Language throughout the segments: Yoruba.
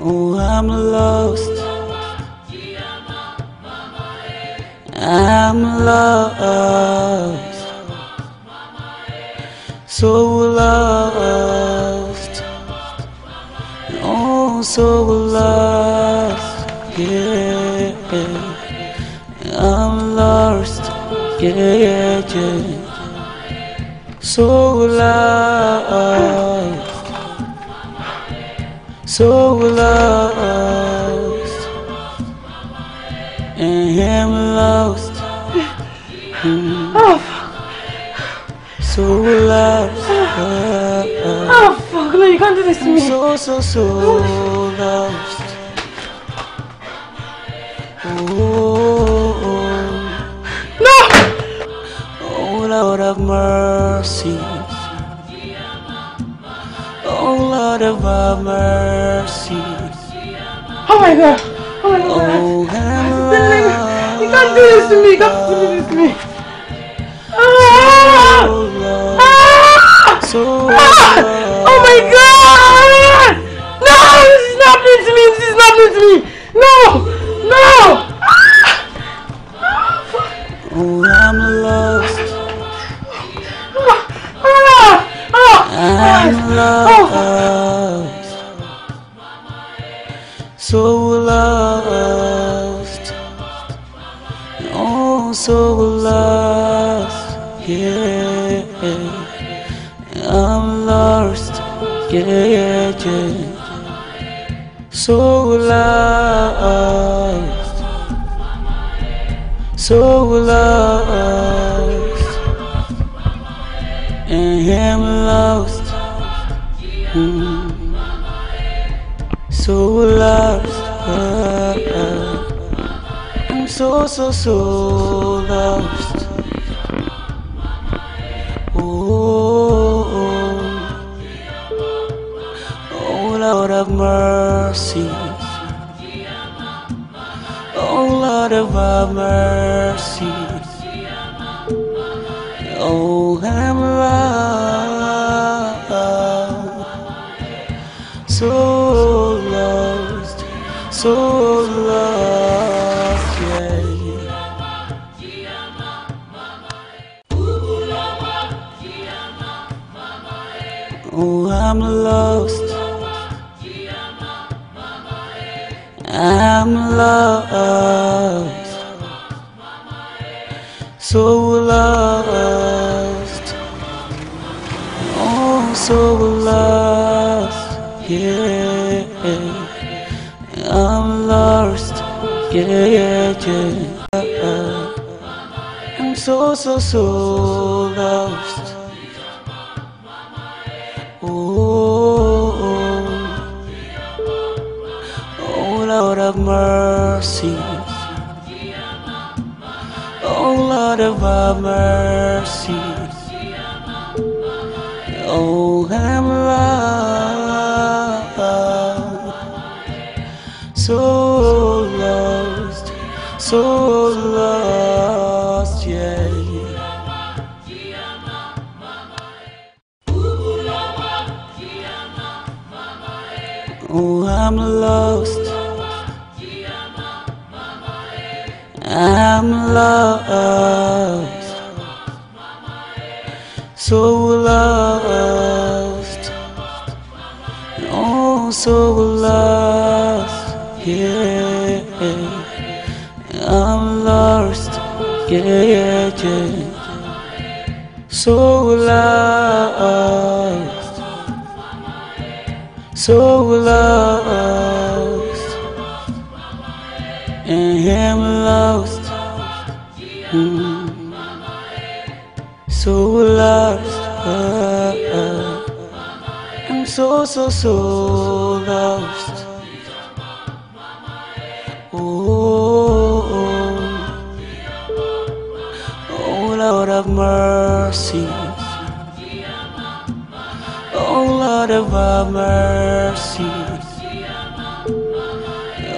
Oh, I'm lost. I'm lost. So lost. Oh, so lost. Yeah. I'm lost. Yeah, yeah. So lost so lost and him lost mm. oh. so lost oh. oh fuck no you can't do this to me so so so lost oh, oh. no oh Lord of mercy God of our mercy. Oh my God! Oh my God! Oh, You can't do this to me! You can't do this to me! Ah! ah! Ah! Oh my God! No! This is not happening to me! This is not happening to me! No! Lost, So lost. Oh, so lost. Yeah. I'm lost. Yeah, yeah. So lost. So lost. so, so lost. Oh oh, oh, oh Lord of mercy. Oh, Lord of mercy. Oh. Uh, uh. I'm so, so, so lost. Oh, oh, oh Lord of mercy. Oh, Lord of mercy. lost, so lost, oh, so lost, yeah. I'm lost, yeah, yeah. so lost, so lost. so, so lost. Oh, oh, oh Lord of mercy. Oh, Lord of mercy.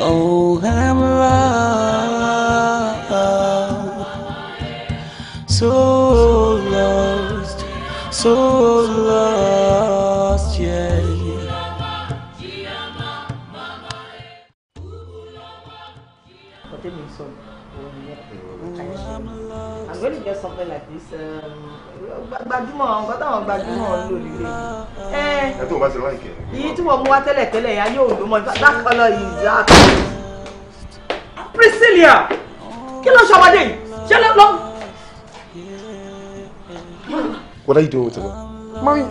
Oh. gbajúmọ̀ àwọn nǹkan táwọn gbajúmọ̀ ń lò líle ẹ tó bá ti rán ìkẹ́ tí wọ́n mú wá tẹ́lẹ̀ tẹ́lẹ̀ yá yóò ló mọ lákọlọ yìí dáàkọ. Priscilla kí ló ṣọmọdé yìí ṣé ló lọ. What are you doing with him? Mommy,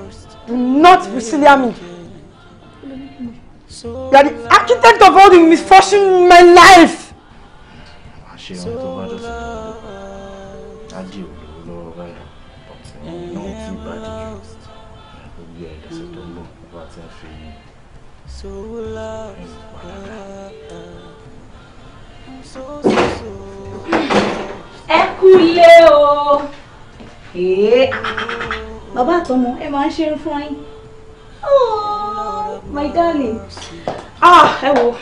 do not Priscilla me. You are the architect of all the misfortune in my life. àṣeyọ̀n tó bá dọ̀tí lọ́dọ̀ bá ti ń fi ìgbà ẹ kúlé o bàbá àtọmọ ẹ máa ń ṣe fún yín oh, my darling ah ẹ wo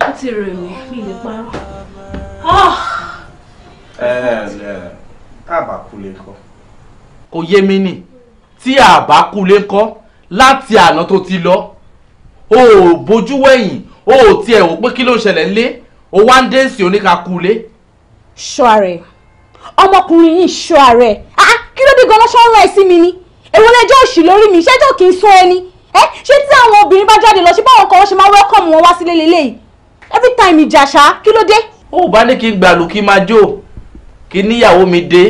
ó ti rẹ̀ mí mi lè parọ́ ah. ẹ ẹ tá a bá kúlé ńkọ́. kò yé mi ni tí a bá kúlé ńkọ́ láti àná tó ti lọ o ò bójú wẹ̀yìn o ò tiẹ̀ wò pé kí ló ń ṣẹlẹ̀ ńlé o wá ń dẹ́sì oníkakulé. ṣọ́ọ̀rẹ́ ọmọkùnrin yìí ṣọ́ọ̀rẹ́ ah, ah, kí ló dé gan lọ́sọ̀ ọ̀rọ̀ sí mi ni èwo lẹjọ́ òṣì lórí mi ṣẹ́jọ́ kì í sún ẹni eh, ṣé tí àwọn obìnrin bá jáde lọ ṣe báwọn kan wọ́n ṣe máa wẹ́kọ̀mù wọn wá sílé lélẹ́yìí every time ìjà ṣá kí ló dé. ó bá ní kí n gbàlù kí n máa jó kí níyàwó mi dé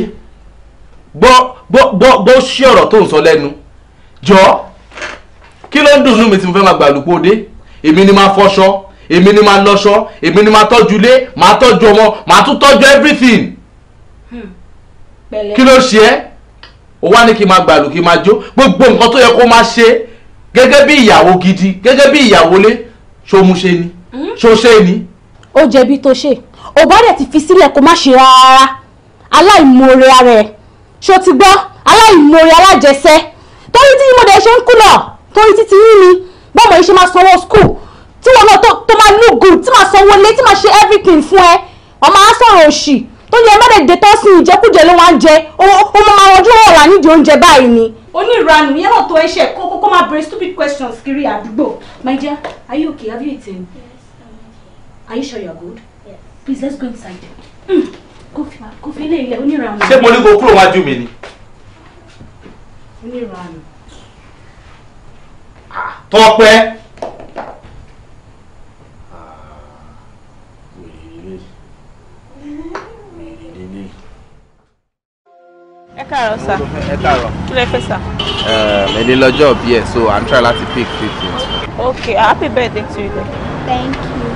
gbọ́ gbọ́ gbọ́ gbọ́ sí ọ̀rọ̀ tó ń sọ lẹ́nu jọ̀ọ́ kí ló ń dùn inú mi tí mo fẹ́ máa gbàlùpọ̀ dé èmi ni máa fọṣọ èmi ni máa lọṣọ èmi ni máa tọ́jú ilé máa tọ́jú ọmọ máa tún tọ́jú everything hmm. kí ló ṣe ẹ́ ó wá ní kí n máa gbàlù kí n máa jó gbogbo nǹkan tó yẹ kó máa ṣe gẹ́gẹ́ bí ìyàwó gidi gẹ́gẹ́ bí ìyàwó lé ṣó mu ṣe ni hmm. ṣó ṣe ni. ó jẹ̀bi tó ṣe ò bá dẹ̀ ti fi sílẹ̀ kó má ṣe rárá aláìmoore ara ẹ̀ ṣó ti gbọ́ aláìmoore alájẹsẹ́ torí tí mo dẹ̀ ṣe ń kú náà torí títí yín ni bọ́mọ yìí ṣe máa sanwó school tí wọn náà tó máa look good tí máa sanwó ilé tí máa ṣe everything fún ẹ ọmọ á sọ̀rọ̀ òṣì tó ní ẹ má dẹ̀dẹ̀ tó sin ìjẹkújẹ ló wá ń jẹ ó mọ àwọn ojú ọ̀rà nídìí oúnjẹ báyìí ni. onírànù yẹn náà tó ẹṣẹ kó kó máa bèrè stupid questions kiri àdúgbò my dear are you okay have you eaten are you sure you are good yes. please let's go inside hmm. kò fi ilé ilẹ̀ onírànù. ṣé mo ní kó kúrò wájú mi ni. onírànù. Tọ́pẹ́. ẹ káàárọ̀ sá ẹ káàárọ̀ kí lẹ fẹ́ sá. èdè lọ́jọ́ bí ẹ̀ so i'm trying láti pick fifteen. okay happy birthday to you. thank you.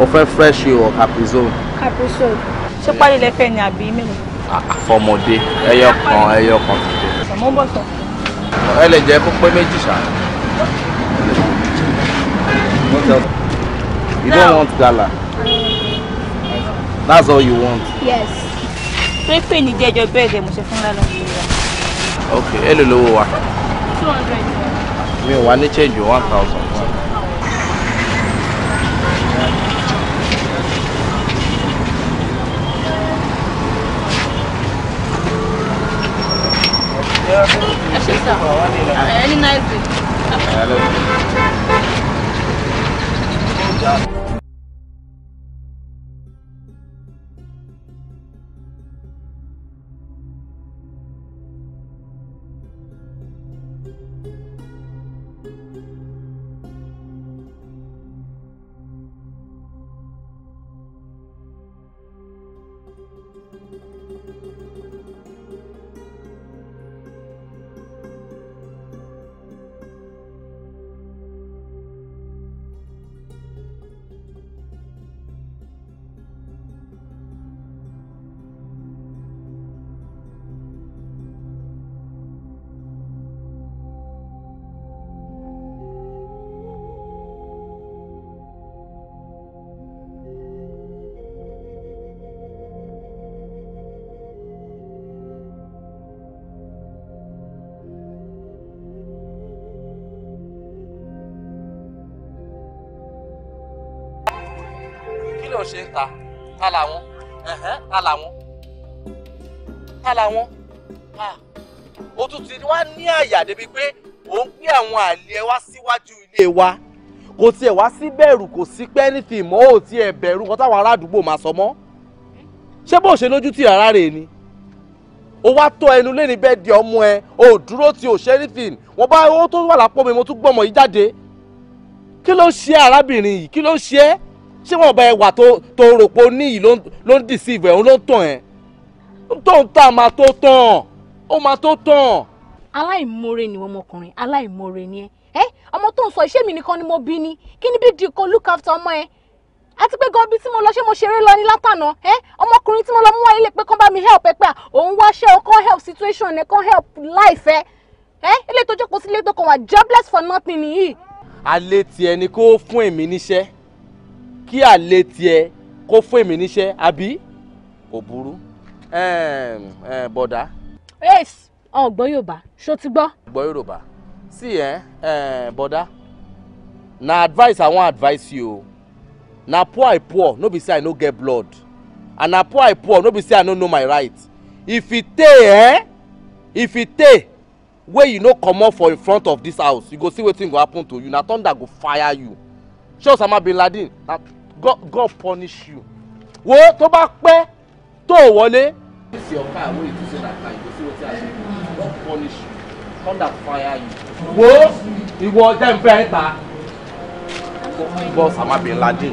o fẹ́ fresh o caprizone. caprizone. ṣé pálí lẹ fẹ́ ni àbí mélòó. àfọmọdé ẹyọ kan ẹyọ kan. mo ń bọ̀ sọ. ẹ lè jẹ́ kó pé méjì ṣáà. What else? You no. don't want gala. That's all you want. Yes. Pépé ni jẹjọ bẹ́ẹ̀gẹ̀ mo ṣe fún lálọ́ fún wa. Ok, èlò lówó wa. Two hundred. Mi ò wá ní change one thousand. Ẹ ṣe sá, ẹni náà ẹ gbé. Helal náà ṣe ń ta ta làwọn ta làwọn ta làwọn o tún ti wá ní àyà débi pé ò ń gbé àwọn àlè wá síwájú ilé wa kò tiẹ̀ wá sí bẹ̀rù kò sí pé anything mọ́ ò tiẹ̀ bẹ̀rù nǹkan táwọn ará àdúgbò máa sọ mọ́ ṣé bó ṣe lójú tì rárá rè ni o wá tọ́ ẹnu lé ní bẹ́ẹ̀ di ọmọ ẹ o dúró tí o ṣe anything wọ́n bá owó tó wà lápò mi mo tún gbọ́mọ yìí jáde kí ló ṣe arábìnrin yìí kí ló ṣe é ṣé wọn bá ẹwà tó tó rò pé ó níyì ló ń deceive ẹ̀ òun ló ń tàn ẹ̀ tóun tá a máa tó tàn ó máa tó tàn. aláìmoore ni ọmọkùnrin aláìmoore ni ẹ ẹ ọmọ tó ń sọ iṣẹ́ mi nìkan ni mo bí ni kí ni bí di ko look after ọmọ ẹ àti pé gan bí tí mo lọ ṣé mo ṣeré lọ ní látànà ẹ ọmọkùnrin tí mo lọ mú wáyé lè pé kán bá mi help ẹ pé òun wá ṣe ọkàn help situation ẹ kán help life ẹ ẹ ilé tó jókòó sí ilé tó kàn wá jobless for nothing nìyí. alẹ́ tiẹ̀ ni kó fún èmi níṣẹ́ kí àlè tiẹ̀ kó fún èmi níṣẹ́ àbí kò burú bọ̀dá. ace ọgbọ́n yorùbá ṣó ti gbọ́. ọgbọ́n yorùbá sí ẹ bọ̀dá na advice i wan advice you na poor i poor no be say i no get blood and na poor i poor no be say i no know my right if e tey eh if e tey wey you no comot for in front of dis house you go see wetin go happen to you na thunder go fire you sure osama bin laden na God God punish you wo tó bá pẹ́ tó wọlé. ṣe ọ̀ka àwọn ètò ṣe nàka ìgbésí wọ́n ti àṣẹ God punish you thunder fire you. wo ìwọ jẹ́ nfẹ́ ta. bọ́ọ̀sì àmàbí ńlá dé.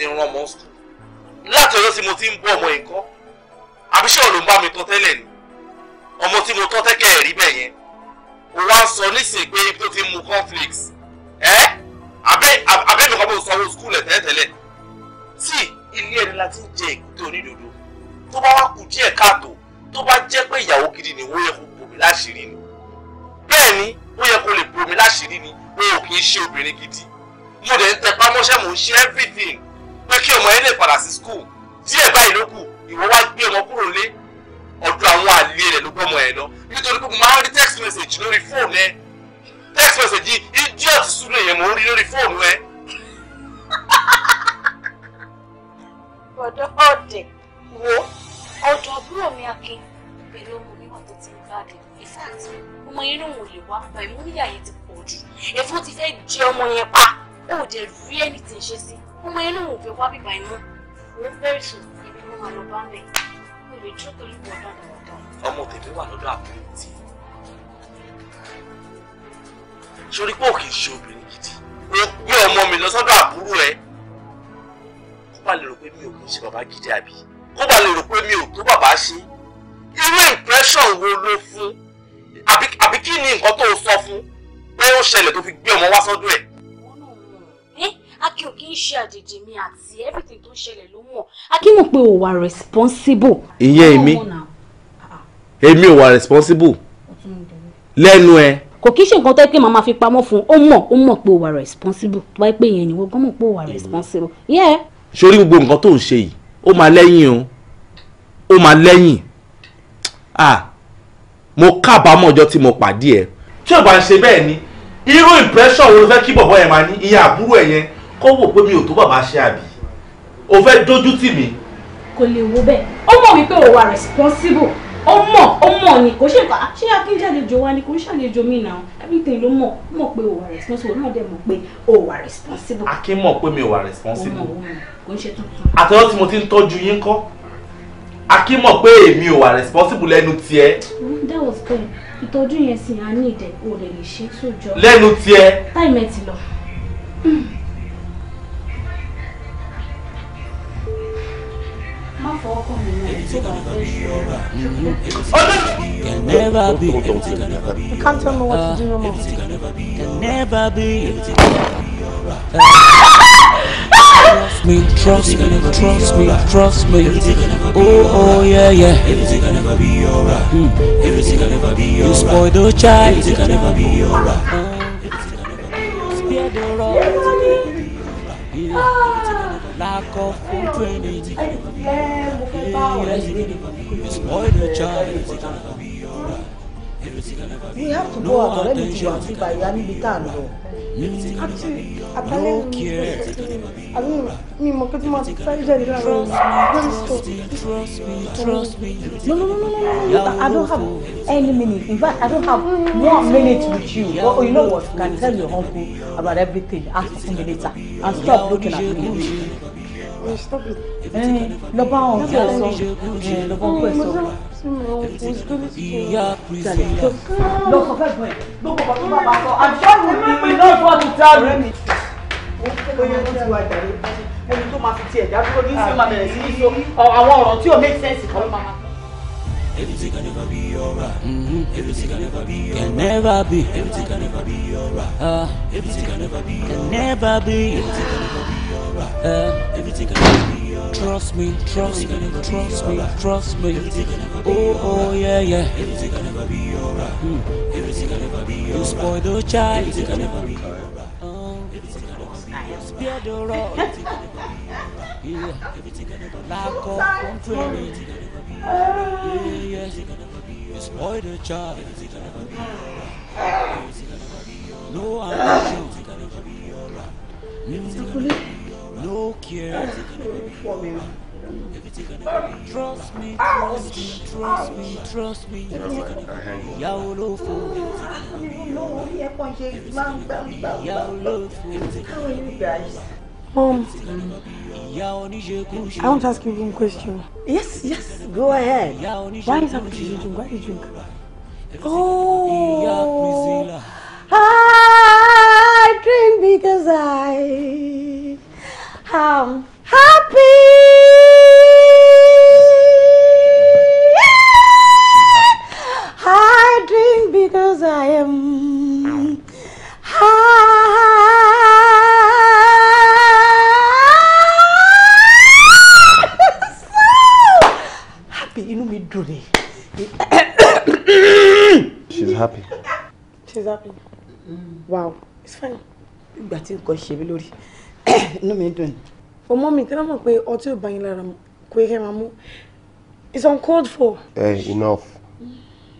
ti ń rán ọmọ sùn láti ọjọ́ tí mo ti ń bọ́ ọmọ yìí kọ́ àbíṣẹ́ ò ló ń bá mi tọ́ tẹ́lẹ̀ ni ọmọ tí mo tọ́ tẹ́kẹ̀ rí bẹ́ẹ̀ yẹn o wá ń sọ nísìnyí pé ibi tó ti mu conflicts ẹ́ abẹ́ abẹ́mi kan bó sanwó skul ẹ̀ tẹ́lẹ̀tẹ́lẹ̀ tí ilé ẹni la ti ń jẹ èkúté onídodo tó bá wá kù díẹ̀ káàtó tó bá jẹ́ pé ìyàwó gidi ni ó yẹ kó bomi láṣìírí ni bẹ́ẹ̀ ni ó yẹ kó lè bomi láṣìírí ni o ò kì í ṣe obìnrin gidi mo dẹ̀ ń tẹpá mọ́ṣẹ́ mò ń ṣe everything pé kí ọmọ yẹn lè padà sí school díẹ̀ báyìí ló kù ìwọ wá gbé ọmọ kúrò lé ọ̀dọ̀ àwọn àlè rẹ̀ ló gbọ́mọ ẹ̀ lọ nítorí pé mo máa ń rí text message lórí fóònù ẹ text message yìí idiot sùn lè yẹn mò ń rí lórí fóònù ẹ. bọ̀dọ̀ ọ̀dẹ̀ wo ọ̀dọ̀ àbúrò mi akin pẹ̀lú ọmọ mi wọn tó ti ń gbàdé in fact ọmọ yẹn náà wò lè wá báyìí mo níyà yẹn ti pọ̀ jù èfó ti fẹ́ jẹ ọmọ yẹn pa ó dẹ̀ rí anything ṣe sí i ọmọ yẹn náà ò fẹ́ wá bíbá iná òun very soon èmi ló máa lọ bá mẹ́ mi lè jó torí pọ̀ dáadáa. ọmọ tèmi wà lọ́dọ̀ àbúrò tí sórí pé òkè ṣe obìnrin gidi ó gbé ọmọ mi lọ sọ́dọ̀ àbúrò ẹ̀ kó bá lè rò pé mi ò kí ń ṣe bàbá gidi àbí kó bá lè rò pé mi ò tó bàbá ṣe irú impression wo ló fún àbí kí ni nǹkan tó sọ fún pé ó ṣẹlẹ̀ tó fi gbé ọmọ wá sọ́dọ̀ ẹ̀ akin ò kí ń ṣe àjèjì mi àti everything tó ń ṣẹlẹ̀ ló mọ̀ akin mọ̀ pé ò wà responsible. ìyẹn èmi ah, ah. èmi ò wà responsible lẹ́nu ẹ. kò kí ń ṣe nǹkan tó yẹ pé màá máa fi pamọ́ fún un ó mọ̀ ó mọ̀ pé ò wà responsible tó bá yẹ pé ìyẹn ni wọ́n gbọ́n mọ̀ pé ò wà responsible. sórí gbogbo nǹkan tó ń ṣe yìí ó máa lẹ́yìn o ó máa lẹ́yìn ah mo kábàámọ̀ ọjọ́ tí mo pàdé ẹ. tí ò bá ń ṣe bẹ́ẹ̀ ni irú impression wo ló fẹ́ kí bọ̀bọ̀ yẹn máa ní ìyẹn àbúrò ẹ̀ yẹn kó wò pé mi ò tó bàbá ṣe àbí o fẹ́ dójú tì mí. kò lè wo bẹ́ẹ̀ ó mọ̀ wípé o wà responsible ó mọ̀ ó mọ̀ ni kò ṣe nǹkan ṣé akínjàlejò wa ni kò ń ṣàlejò mí náà everything ló mọ̀ mọ̀ pé o wà responsible náà dẹ̀ mọ̀ pé o wà responsible. akin mọ̀ pé mi ò wà responsible. àtẹ̀wọ́ tí mo ti ń tọ́jú yín kọ́ akin mọ̀ pé èmi ò wà responsible lẹ́nu tiẹ̀. that was good ìtọ́jú yẹn sì á ní ìdẹ̀ o lè lè ṣe é sójọ. lẹ́nu tiẹ̀. táìmẹ̀ ti lọ. Hmm. Can never be. You can't tell me what to do no Can never be. Trust me, trust me, trust me, trust me. Oh, oh, yeah, yeah. Everything can never be alright. Mm. Everything can never be alright. You spoil the child. Everything can never be alright. Spare the rod. Jacob Fraternity. It's more than a child, everything gonna be gonna be alright. You have to go out, let me do your thing, but you need to go. Actually, I mean, mo kati ma try jari la ro. Trust No, no, no, no, no, no. I don't have any minute. In fact, I don't have one minute with you. Well, oh, you know what? You can tell your uncle about everything. Ask for later. And stop looking at me lọ bá wọn kí ọsọ lọ bá wọn kí ọsọ. lọ sọ fẹ́ gbọ́n ẹ̀ lọ bọ̀ bọ̀ tó bá bá sọ àjọ ìwé mi náà fọ́ ti tá a rẹ̀ mi ẹni tó máa fi tiẹ̀ dá dúró ní sí máa bẹ̀rẹ̀ sí ní so àwọn ọ̀rọ̀ tí ò make sense kan máa Everything can never be alright. Everything can never be alright. Can never be. Everything can never be alright. everything can never be. Can never be. Everything can never be alright. everything can never be Trust me, trust me, trust me, trust me. Oh, oh, yeah, yeah. Everything can never be alright. Everything can never be alright. You spoil the child. Everything can never be alright. Everything can Spare the rod. Everything can never be alright. Everything can never be alright. No ambition, no care. Trust me, trust me, trust me, trust me. Mom, um, I want to ask you one question. Yes, yes, go ahead. Why is that what you drink? Why do you drink? Oh, I drink because I am happy. I drink because I am happy. she's happy mm. wow it's fine ìgbà tí nǹkan ṣe mí lórí inú mi dùn. ọmọ mi tẹ́lẹ̀ mọ̀ pé ọtí ò bá yín lára mu kò yẹ kẹ́ máa mú it's uncalled for. Hey, eh, enough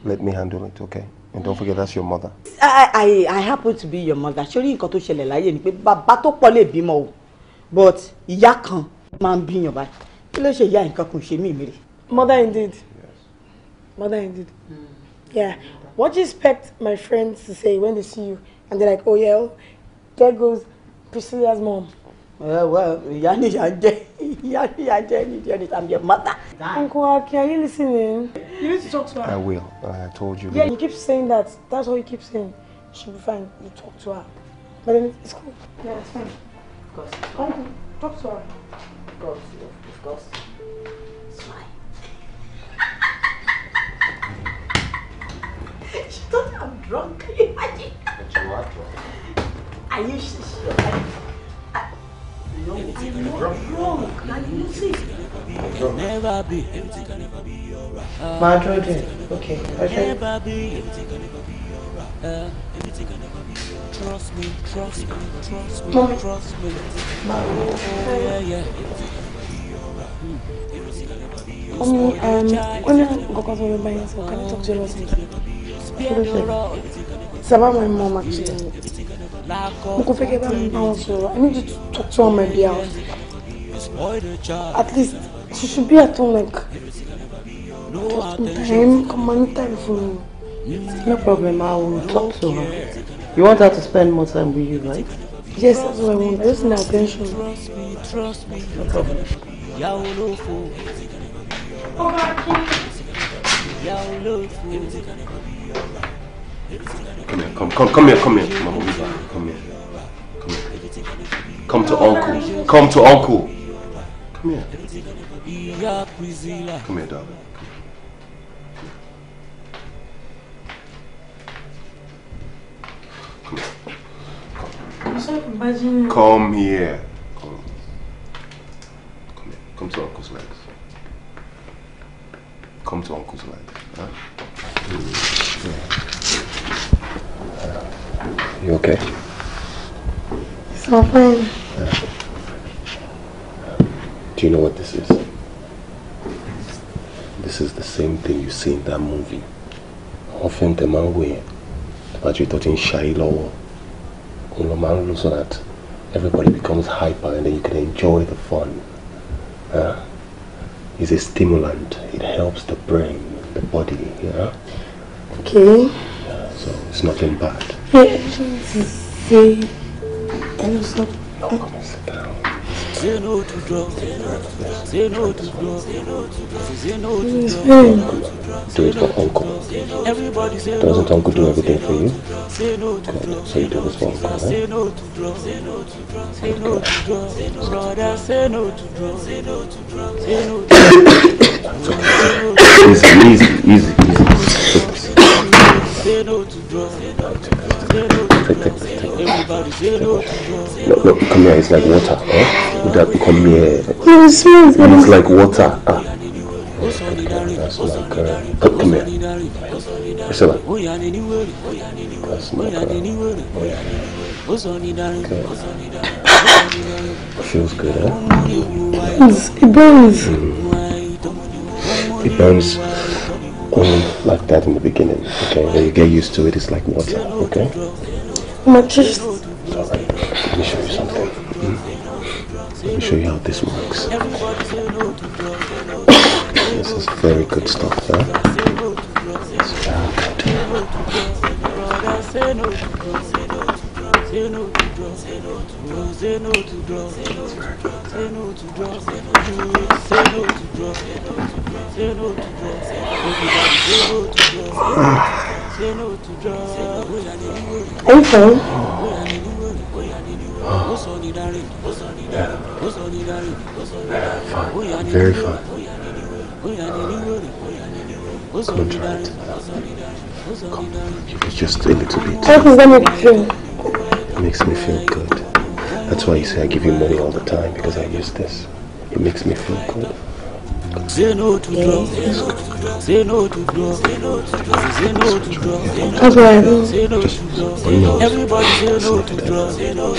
let me handle it okay and don't forget that's your mother. i i i happen to be your mother ṣorí nǹkan tó ṣẹlẹ̀ láyé ni pé bàbá tó pọ̀ lè bímọ o but ìyá kan máa ń bíyàn báyìí kí ló ṣe ìyá nǹkan kan ṣe mí mi rè. mother indeed yes. mother indeed mm. yeah What do you expect my friends to say when they see you? And they're like, oh yeah, oh, there goes Priscilla's mom. Uh, well, Yanni Yanni Yanni Yanni Yanni, I'm your mother. Uncle Aki, are you listening? You need to talk to her. I will. I told you. Yeah, you keep saying that. That's all you keep saying. She'll be fine. You talk to her. But then it's cool. Yeah, it's fine. Of course. Uncle, talk to her. Of course. Of course. It's fine. wrong. Can you imagine? But you are wrong. Are you sure? I, no, I'm not wrong. Can you see? Can never be. Everything can never be alright. My children. Okay. Okay. Never be. Everything can never be alright. Everything can never be. Trust me. Trust me. Trust me. Mommy. Trust me. Mommy. Oh, oh, oh yeah yeah. Mommy, um, when you go to the bank, can I talk to you about something? kí ló ṣẹlẹ̀ sábà máa ń mọ ọmọ kí ẹ mo I need to talk to her my at least she should be at home like just in time come on time for me. no problem I will talk to her you want her to spend more time with you right. Yes, that's what I want. I just need attention. No problem. Yaolofo. Ọba kí. Come here, come, come, come here, come here. Come here, come here. Come here. Come to uncle. Come to uncle. Come here. Come here, darling. Come here. Come here. Come. Come here. Come to uncle's legs. Come to uncle's legs. Huh? Yeah. You okay? It's all fine. Do you know what this is? This is the same thing you see in that movie. Often the man way, but you thought in Shiloh, man so that everybody becomes hyper and then you can enjoy the fun. Yeah? It's a stimulant. It helps the brain, the body. Yeah? Okay. So it's nothing bad. no, come sit down. Do it for uncle. Doesn't uncle do everything for you? So you do this for uncle, right? It's easy, easy, easy, easy. Say no to drugs. Say no to drugs. Everybody say no to drugs. Look, look, come here. It's like water. Eh? Would that come here? Yes, yes, yes. It's like water. Ah. Uh, come here. Oh, That's oh, Feels good, huh? Eh? It burns. Mm. It burns. It burns only like that in the beginning, okay? When you get used to it, it's like water, okay? My just... Alright, let me show you something. Hmm? Let me show you how this works. this is very good stuff there. It's very good. Say no to drugs, say no say no say no drugs, say no to drugs, say no to drugs, say no to drugs, say no to drugs, say no to drugs, say no to drugs, say no to drugs, Okay. Oh. Fine. Very fine. Contract. Come, give me just a little bit. Okay, let me drink. It makes me feel good. That's why you say I give you money all the time because I use this. It makes me feel good. Say no to drugs. Say no to drugs. Say no to drugs. Say no to drugs. Okay. Say no to drugs. Everybody say no to drugs. Say no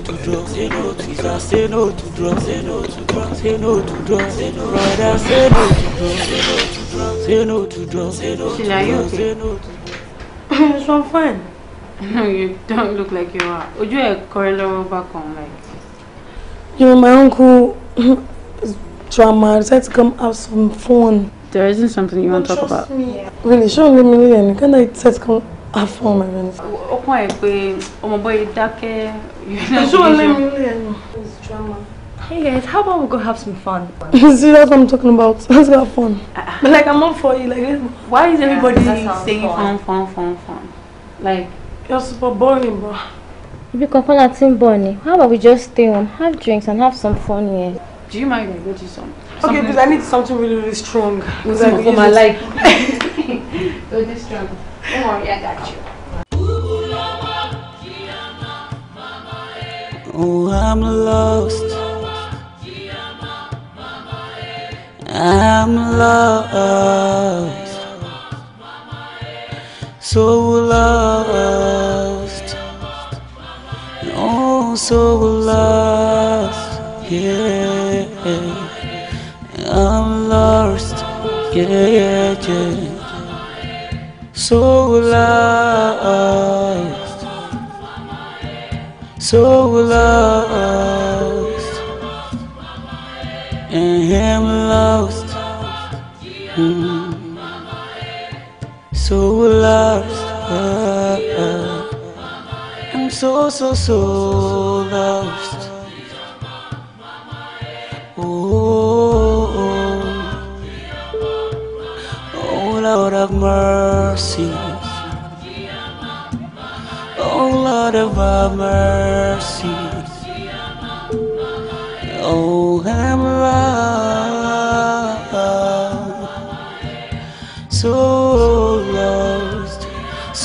to drugs. Say no to drugs. Say no to drugs. Say no to drugs. Say no to drugs. Say no to drugs. Say no to drugs. Say no to drugs. Say no to drugs. Say no to drugs. Say no to drugs. Say no to drugs. So I'm fine. No, you don't look like you are. Would you a corridor back on like? You know, my uncle is drama. I decided to come have some fun. There isn't something you want to talk about. Me. Really, show me million. Can I decide to come have fun, my friends? Okay, but my boy, dákẹ́. Show me million. It's drama. Hey guys, how about we go have some fun? See, that's what I'm talking about. Let's have fun. Uh, like, I'm not for you. Like, why is everybody yeah, saying fun, fun, fun, fun? Like. You're super boring, bro. Ibi kan kọ́lá tí ń bọ̀ How about we just stay home, have drinks and have some fun here? Do you mind if I go to some? Okay, because I need something really, really strong. Because I for my life. Go this strong. Don't worry, I got you. Oh, I'm lost. I'm lost. so lost, oh so lost, yeah. I'm lost, yeah, yeah. so lost, so lost, and I'm lost. Mm so lost. I'm so, so, so lost. Oh, oh, oh Lord of mercy. Oh, Lord of mercy. Oh, I'm lost.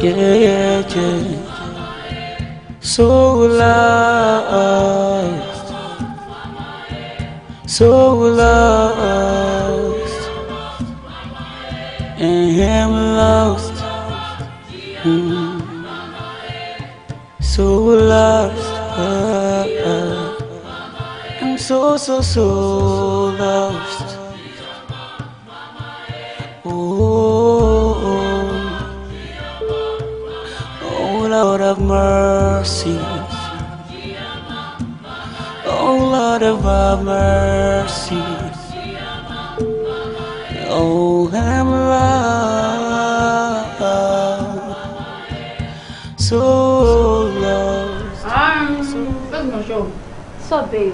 yeah, yeah. So lost, I, so will I, and am lost. So lost, I'm so so so lost. of mercy. Oh, I'm loved, so loved. Um, that's not sure. So, babe,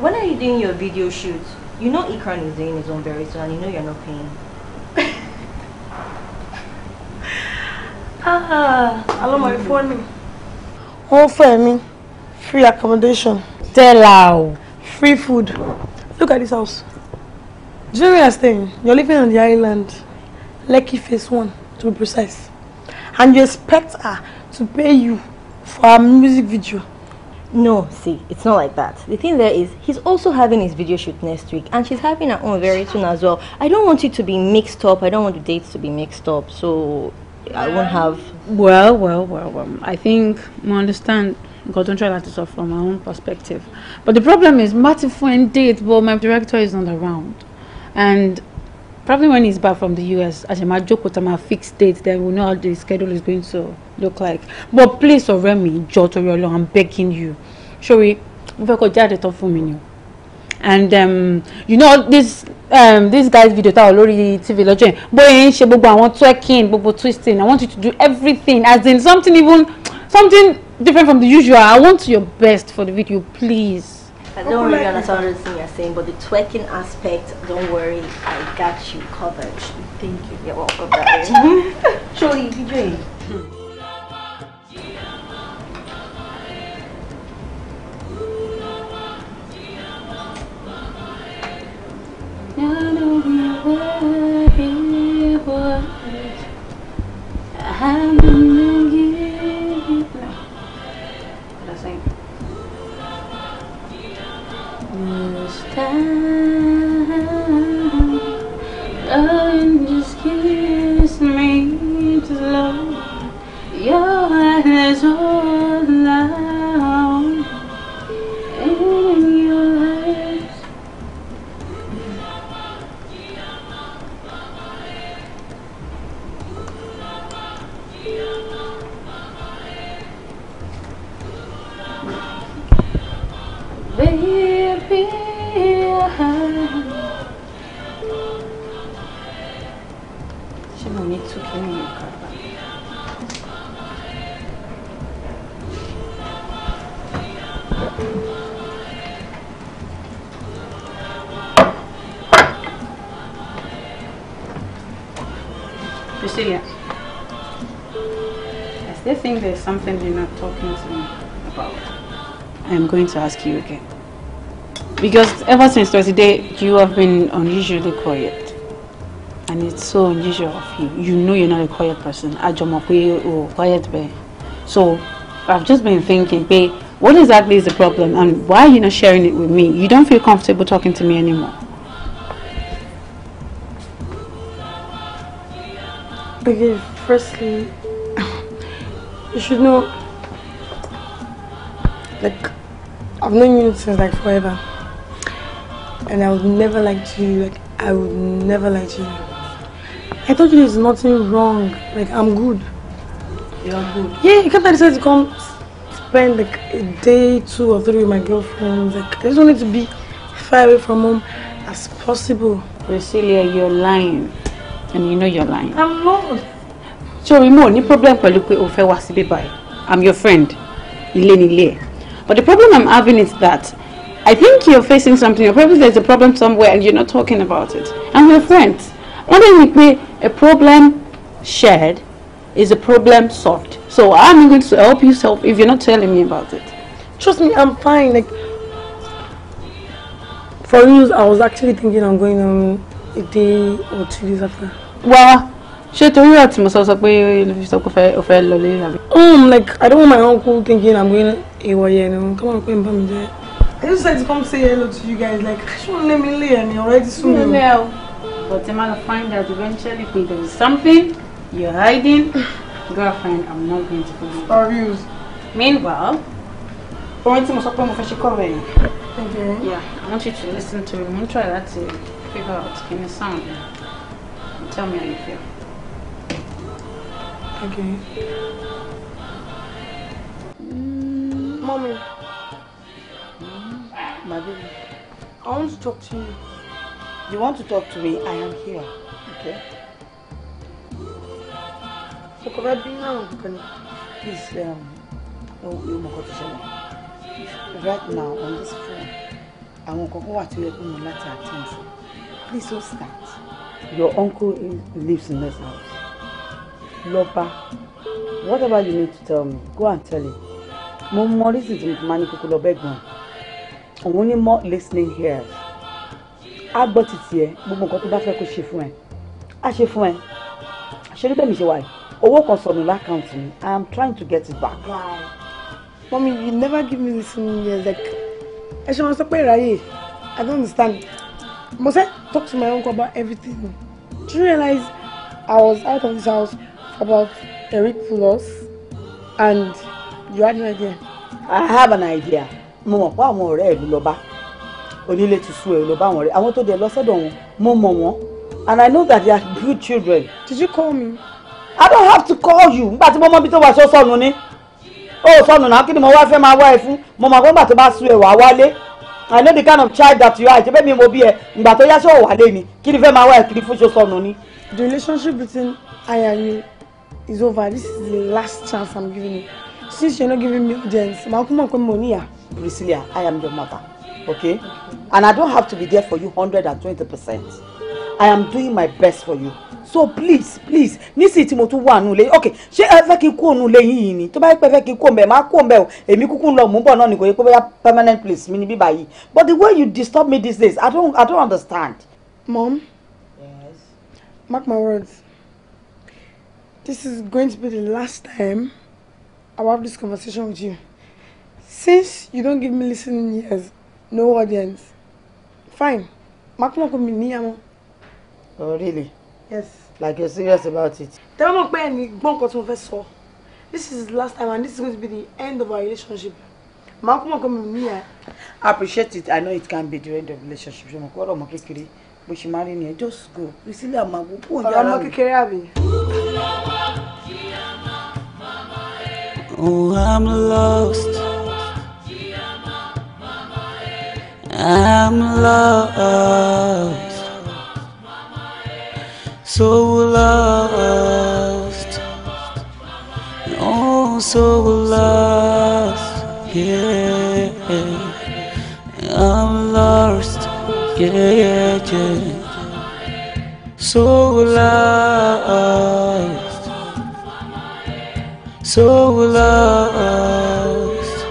when are you doing your video shoot? You know Ikran is doing his own very soon, and you know you're not paying. ah, I love my phone. Oh, for me, free accommodation. Tell out. Free food. Look at this house. Do you know where you're staying? You're living on the island. Lucky face one, to be precise. And you expect her to pay you for a music video. No, see, it's not like that. The thing there is, he's also having his video shoot next week, and she's having her own very soon as well. I don't want it to be mixed up. I don't want the dates to be mixed up, so I won't uh, have. Well, well, well, well. I think we understand nǹkan don't try that. láti sọ from my own perspective but the problem is má ti fún date but my director is not around and probably when he's back from the US a ṣe máa jókòó tá máa date then we know how the schedule is going to look like but please ọ̀rẹ́ mi jọ torí Ọlọ́run i'm begging you sorry mo fẹ́ kó jáde tán fún mi ni o and um, you know this um, this guy's video tá already lórí tv lọ́jọ́ yẹn bóyá ń ṣe gbogbo àwọn twerking twisting i want you to do everything as in something even something different from the usual. I want your best for the video, please. I don't really understand everything you're saying, but the twerking aspect, don't worry, I got you covered. Thank you. You're welcome, darling. Surely, DJ. I'm think there's something you're not talking to me about. I'm going to ask you again. Because ever since Thursday, you have been unusually quiet. And it's so unusual of you. You know you're not a quiet person. Ajomope or quiet bear. So I've just been thinking, babe, what exactly is the problem and why are you not sharing it with me? You don't feel comfortable talking to me anymore. Because firstly, You should know, like, I've known you since like forever. And I would never lie to you. Like, I would never lie to you. I told you there's nothing wrong. Like, I'm good. You're good? Yeah, you can't decide to come spend like a day, two or three with my girlfriend. Like, I just wanted to be far away from home as possible. Priscilla, you're lying. And you know you're lying. I'm not sórí mo ní problem pẹ̀lú pé o fẹ́ wá síbí báyìí i'm your friend ilé nílé ẹ̀ but the problem i'm having is that i think you're facing something or probably there's a problem somewhere and you're not talking about it I'm your friend. wọ́n dẹ̀ ní pé a problem shared is a problem solved so i'm going to help you solve if you're not telling me about it. trust me i'm fine like for real i was actually thinking i'm going on a day or two days after. well ṣé torí ọ̀ tí mo sọ sọ pé sọ pé o fẹ́ lọ lé àbí. um like i don't want my uncle thinking i'm going ìwọ yẹn ni kọ́ máa pẹ́ ń bá mi jẹ́. i just like to come say hello to you guys like ṣé wọn lé mi lé ẹ already soon. mi lè o but i'm gonna find out eventually if there is something you're hiding girlfriend i'm not going to follow you. for real. meanwhile orin tí mo sọ pé mo fẹ́ ṣe kọ́ rẹ̀ yìí. yeah i want you to listen to me. mo n try to figure out kí ni sound and tell me how you feel. Okay. Mm, mommy. Mm, my baby. I want to talk to you. You want to talk to me? I am here. Okay. So could I be now? Um, can please um you must to someone. Right now on this phone. I kankan wà tí ó yẹ kó mọ Please don't start. Your uncle lives in this house lọ́ba whatever you need to tell me go and tell him mo mọ reason to mo fi máa ní kókó lọ bẹ́gbọ̀n òun ní more listening ears á gbọ́ títí ẹ gbogbo nǹkan tó bá fẹ́ kó ṣe fún ẹ á ṣe fún ẹ ṣe níbẹ̀ mi ṣe wáyé owó kan sọnù lákàntì mi i am trying to get it back. Wow. you never give me listening ears like ẹ ṣe wọn sọ pé ìráyè i don't understand mo say talk to my uncle about everything do you realize i was out of this house about Eric Plus and you had no idea. I have an idea. Mo mọ̀ pé àwọn ọ̀rẹ́ ìlú lọ bá onílé ti sú ẹ̀ lọ bá àwọn ọ̀rẹ́ àwọn tó dẹ̀ lọ wọn mo mọ̀ wọn and I know that they are good children. Did you call me? I don't have to call you nígbà tí mo mọ ibi tó wà ṣó sọnù ni ó sọnù náà kí ni mo wá fẹ́ máa wá ẹ fún mo mọ̀ pé nígbà tó bá sú ẹ wá wálé I know the kind of child that you are ṣe fẹ́ mi mo bí ẹ ìgbà tó yá ṣó wà lé ni kí ni fẹ́ máa wá ẹ kiri fún ṣó ni. The relationship between I and you It's over. This is the last chance I'm giving you. Since you're not giving me audience, ma come kwe monia. Priscilla, I am your mother, okay? And I don't have to be there for you 120%. I am doing my best for you. So please, please, nísìnyí tí mo tún Okay, She ever fẹ́ kí n kúrò nù lé yìí ni? Tó bá yẹ pé fẹ́ kí n kúrò mbẹ̀, permanent place mi ni But the way you disturb me these days, I don't, I don't understand. Mom? Yes? Mark my words. This is going to be the last time I'll have this conversation with you. Since you don't give me listening ears, no audience. Fine. Makuma kò mi níyàmọ́. Oh really? Yes. Like you're serious about it? Tell mọ̀ pé ẹni gbọ́n to tí mo fẹ́ sọ. This is the last time and this is going to be the end of our relationship. Mark kò mi níyà. I appreciate it. I know it can be the end of the relationship. Ṣé mo kọ́ ọ̀rọ̀ mọ́ kékeré? bó ṣe máa rí Priscilla máa wo kó yára ọmọ kékeré àbí. Oh, I'm lost. I'm lost. So lost. Oh, so lost. Yeah. I'm yeah, So lost, so lost,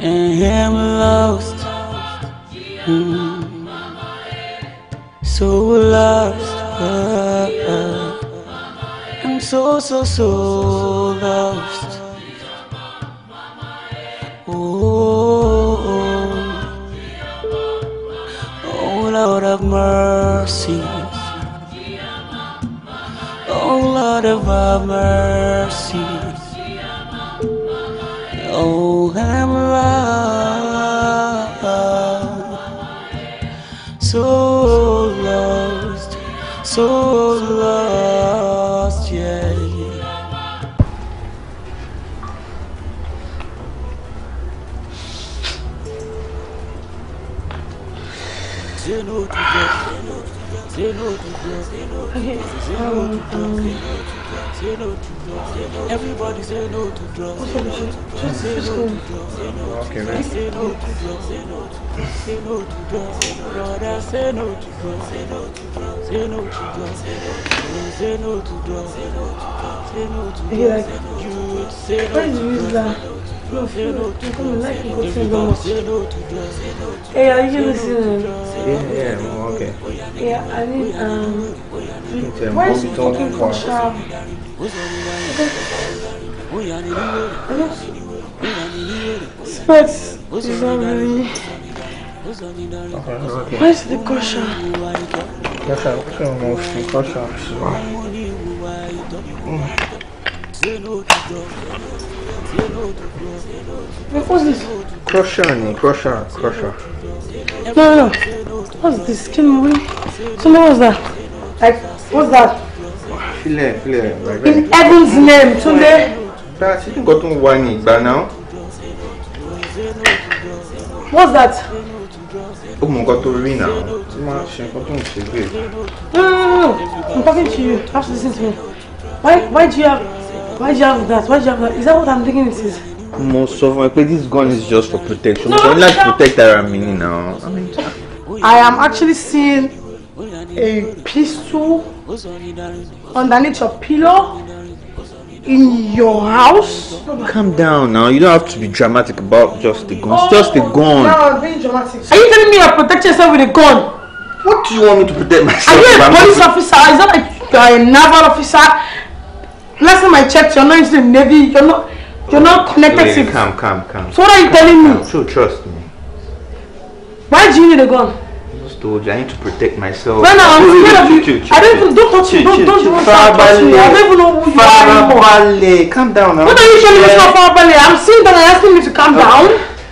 and him lost, so lost. I'm so so so lost. of mercies. Oh Lord of our mercies. Oh Lamb So lost, so Okay. say no Say no to drugs. Say no to drugs. Say no to drugs. Say no to drugs. Say no to no to drugs. Brother, say no to drugs. Say hey, are you listening? Yeah, yeah, okay. Yeah, I need um. Where's the he talking is not Where's the kosher? Where's the kosher. What's this? Crusher, crusher, crusher. No, no, no. What's this? Can we? So, what was that? I What's that? Filẹ̀ filẹ̀ In heaven's name, Túndé. Dá sí nǹkan tó ń wá ní ìgbà náà. What's that? Oh, mọ nǹkan to win now. Ma, máa ṣe to tó ń No no no I'm talking to you. I have to listen to me. Why why do you have why do you have that? Why do you have that? Is that what I'm thinking it is? Most of my ẹ this gun is just for protection. No, Mo kàn ní láti protect ara now. I mean, I am actually seeing a pistol underneath your pillow in your house. Calm down now. You don't have to be dramatic about just the gun. Oh, just the oh, gun. Now dramatic. Are you telling me you're protect yourself with a gun? What do you want me to protect myself? Are you a police officer? Is that like a naval officer? Last time I checked, you're not into the navy. You're not. You're not connected. to... calm, calm, calm. So what are you calm, telling calm. me? So trust me. Why do you need a gun? told I need to protect myself. No, no, I'm scared of you. I don't don't touch me. Don't don't don't touch me. I don't even know who you are anymore. calm down. Now. What are you telling me? Stop farabalẹ̀. I'm seeing that and asking me to calm down.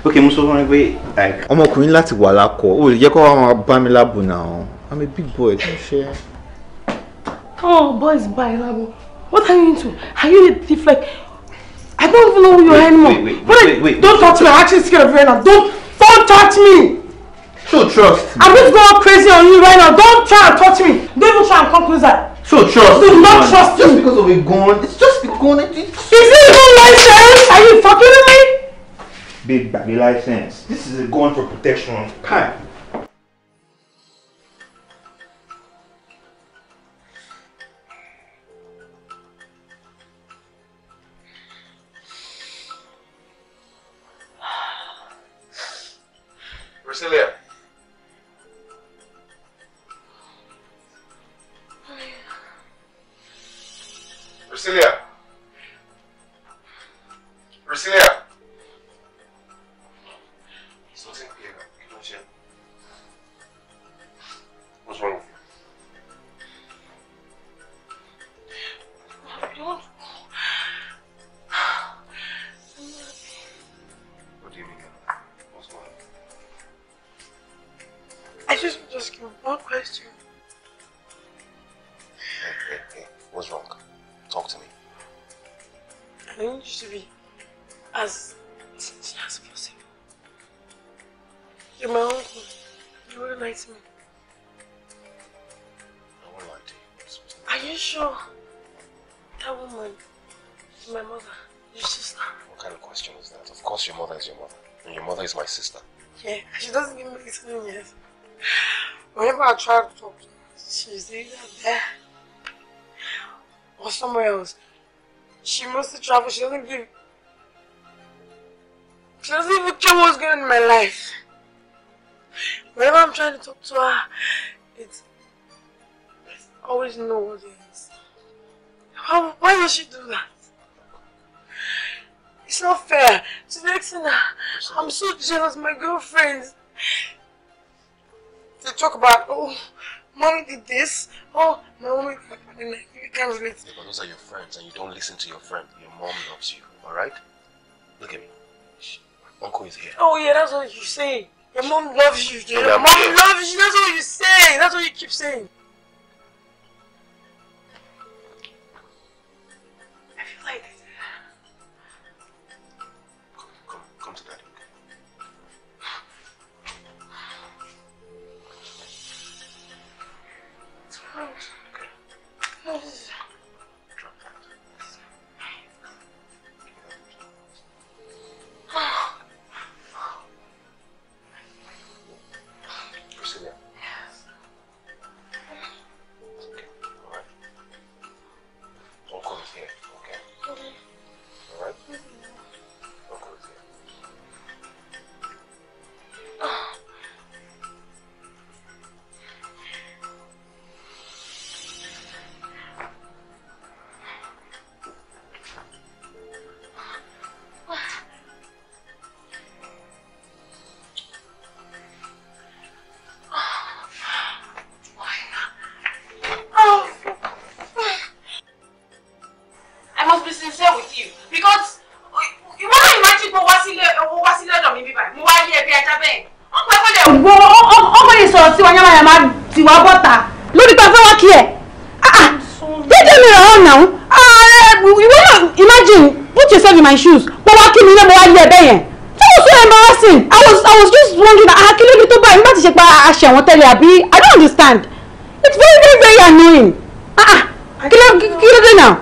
Okay, Musa, sọ fún like. Ọmọkùnrin láti wà lákọ, o lè jẹ́ kó wá máa mi lábò náà. I'm a big boy, kì í Oh, boys, bye, Labo. What are you into? Are you a thief like? I don't even know who you are anymore. Wait, wait, wait, wait, Don't touch me. I'm actually scared of you now. Don't, don't touch me. So trust me. I'm going to go crazy on you right now. Don't try and touch me. Don't even try and come closer. So trust Do me. Do not trust just me. Just because of a gun. It's just a gun. Is this even license? Are you fucking with me? Big baby license. This is a gun for protection. Hi. Brasileiro. Rusilia. Rusilia. He's not not What's wrong with you? I don't. What do you mean? What's wrong? I just just one question. I need you to be as sincere as possible. You're my uncle. You wouldn't lie to me. I won't lie to you. Are you sure? That woman is my mother, your sister. What kind of question is that? Of course your mother is your mother. And your mother is my sister. Yeah, she doesn't give me 15 years. Whenever I try to talk to her, she's either there or somewhere else. She wants to travel. She doesn't give. She doesn't even care what's going on in my life. Whenever I'm trying to talk to her, it's, it's always no what How, why does she do that? It's not fair. She's asking her. I'm so jealous. My girlfriends. They talk about, oh, mommy did this, Oh, my mom you can't Because those are your friends and you don't listen to your friend. Your mom loves you, alright? Look at me. Uncle is here. Oh yeah, that's what you say. Your mom loves you. Your mom loves you. That's what you say. That's what you keep saying. in my shoes But wá kí mi ilé mo wá yẹ ẹbẹ yẹn that was so embarrassing i was i was just wondering ah kí ló dé tó báyìí nígbà tí ṣe pa àṣẹ àwọn tẹ́lẹ̀ àbí i don't understand it's very very very annoying ah ah. ló kí get dé now.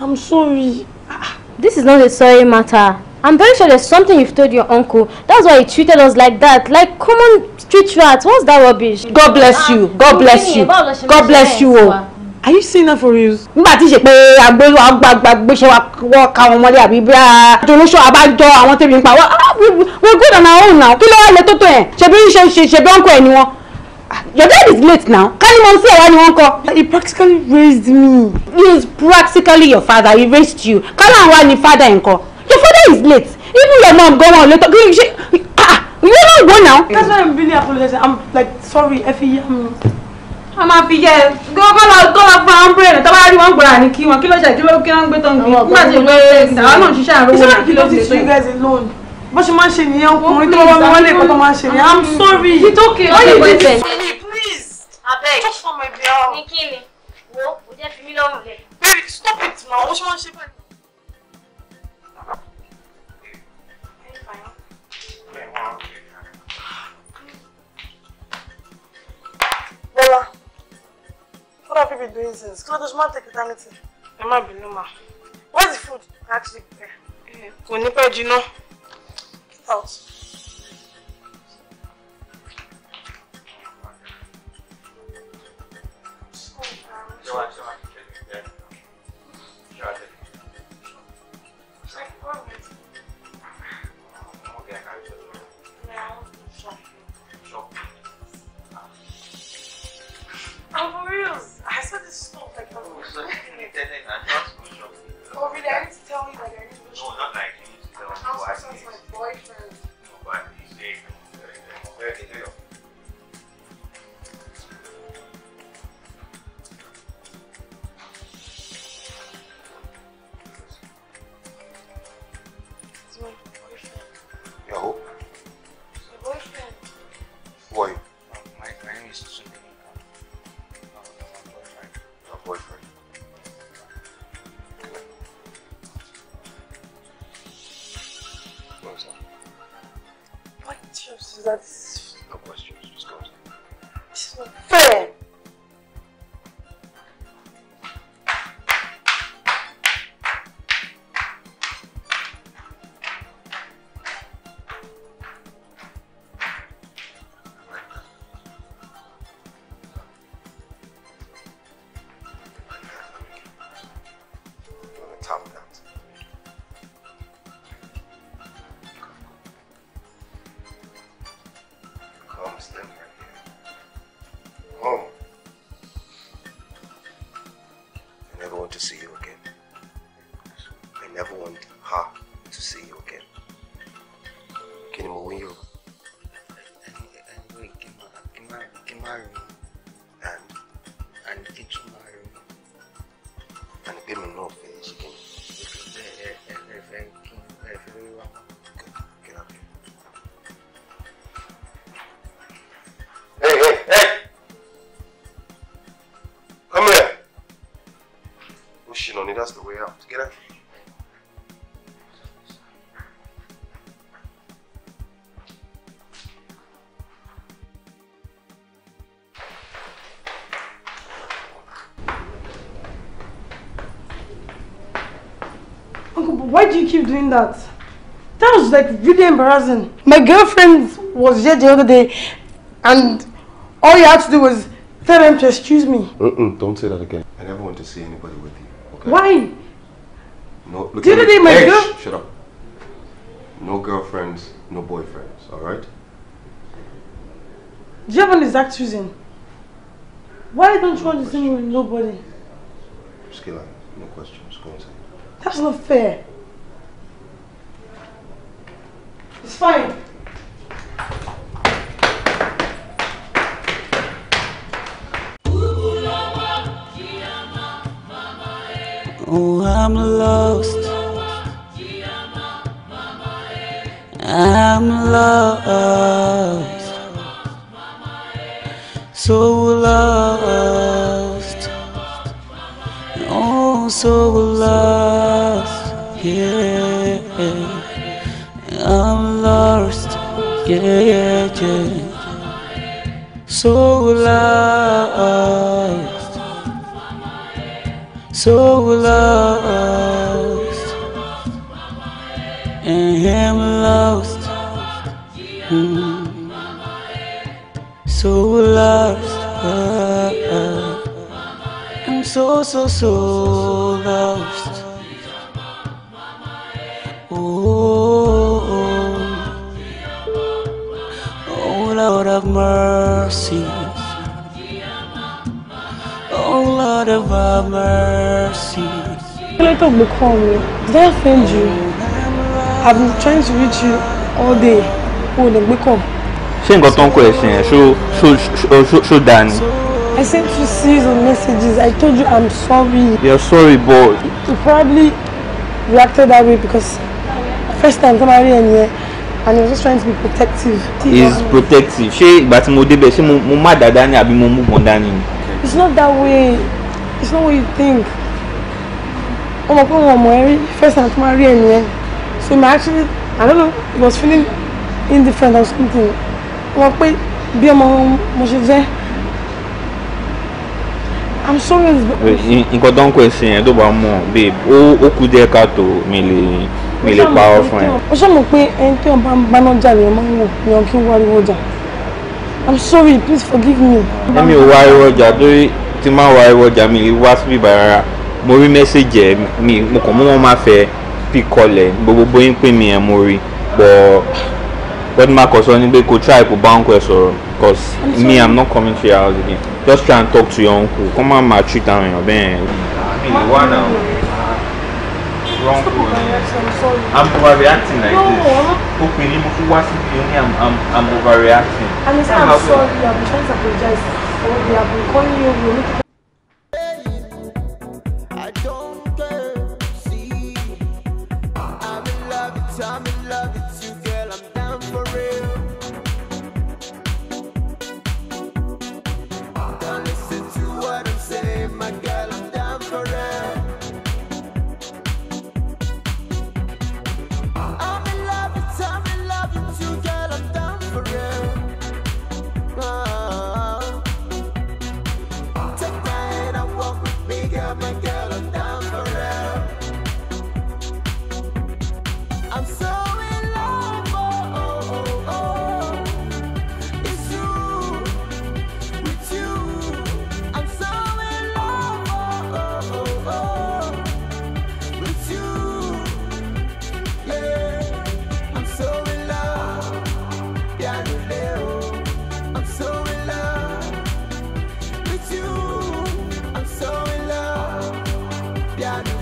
i'm sorry. Ah, ah. this is not a sorry matter. I'm very sure there's something you've told your uncle. That's why he treated us like that. Like common street rats. What's that rubbish? God bless ah, you. God bless you. God bless you. Are you saying that for real? I'm tí ṣe wọ́n ka wọn mọ́lé àbí bí a donation abájọ àwọn tèmi ń pa ah, we good on our own now kí ló wà lè tótó yẹn ṣebí ṣe ṣe ṣebí ọ̀nkọ ẹ̀ ni wọn ah, your dad is late now kálí mọ̀ sí ẹ̀wá ni wọ́n kọ́. he practically raised me. he is practically your father he raised you kálí àwa ni father nǹkan your father is late even your mom go on later kí ṣe ah you no go now. that's why i'm really apologizing i'm like sorry efi yam. Um, a máa fi yẹ gbọ́dọ̀ lọ gbọ́dọ̀ fún àwọn búrẹ́dì tó bá rí wọn gbọ́dọ̀ ní kí wọn kí ló ṣe kí kí wọn gbé tán gbé nígbà tí ìwé ìdáwọ́ náà ṣiṣẹ́ àrùn wọn kí ló ti ṣe bó ṣe máa ń ṣe nìyẹn ọkùnrin tó wọn wọlé kó tó máa ṣe nìyẹn i'm sorry you don't care all you need is please abeg just for my bill. ní kí ni wo kò jẹ́ fi mí lọ́rùn lẹ̀. baby What have you been doing since? God, this man take eternity. Ẹ má bínú ma. What's the food I actually prepare? Eh, eh, kò ní pẹ́ jiná. Get out. not You Hey, hey, hey! Come here! that's the way out. Get out. you keep doing that? That was like really embarrassing. My girlfriend was here the other day and all you had to do was tell them to excuse me. Mm-mm, don't say that again. I never want to see anybody with you. Okay? Why? No, look the other day my hey, girl... Sh shut up. No girlfriends, no boyfriends, alright? Do you have an exact reason? Why don't you want to see me with nobody? Skilla, no questions. Go inside. That's not fair. I'm lost. I'm lost. So lost. Oh, so lost. Yeah. I'm lost. Yeah, yeah, yeah. So lost so lost and him lost mm. so lost I'm so so so lost oh, oh, Lord of mercy Oh Lord of mercy laptop ló call me did I offend you I've been trying to reach you all day Oh, ò lè gbé call. ṣé nǹkan tó ń kọ ẹ̀sìn ẹ̀ ṣó I sent you series of messages. I told you I'm sorry. You're sorry, but you probably reacted that way because first time somebody and here and he was just trying to be protective. He's protective. She, but tí mo débẹ̀ ṣé mo má dáadáa ni àbí mo mú bọ̀n dání It's not that way. It's not what you think ó pé wọn mọ̀ ẹ́ first time tó máa rí ẹ̀mí ẹ̀ so my actually I don't know it was feeling indifferent or something ó pé bí ọmọ mo ṣe fẹ́ I'm sorry. nǹkan tó ń kó ẹsìn yẹn tó bá mọ̀ babe ó kú díẹ̀ káàtó mi lè mi lè parọ́ fún ẹ. ó ṣàmù pé ẹni tí wọn bá ń báná jà lè wò ni wọn kí ń wáríwó jà I'm sorry please forgive me. èmi ò wá irọ́ ọjà torí tí máa wá irọ́ ọjà mi wá síbí bàrà mo rí mẹ́sẹ̀jì ẹ̀ mi mo kàn mọ́ wọn máa fẹ́ pí kọlẹ̀ gbogbo bóyá pé mi ẹ̀ mo rí bọ̀ what mark sọ ni pé kò try kò bá uncle ẹ̀ sọ̀rọ̀ cause me i'm not coming to your house again just try and talk to your uncle Come on, máa treat àwọn èèyàn bẹ́ẹ̀. mi ì wá náà wrong way i'm overreacting like this ó pè ní mo fi wá sí ibi oní i'm i'm overreacting. and it's not sorry i be trying to apologize for the abun calling you. yard.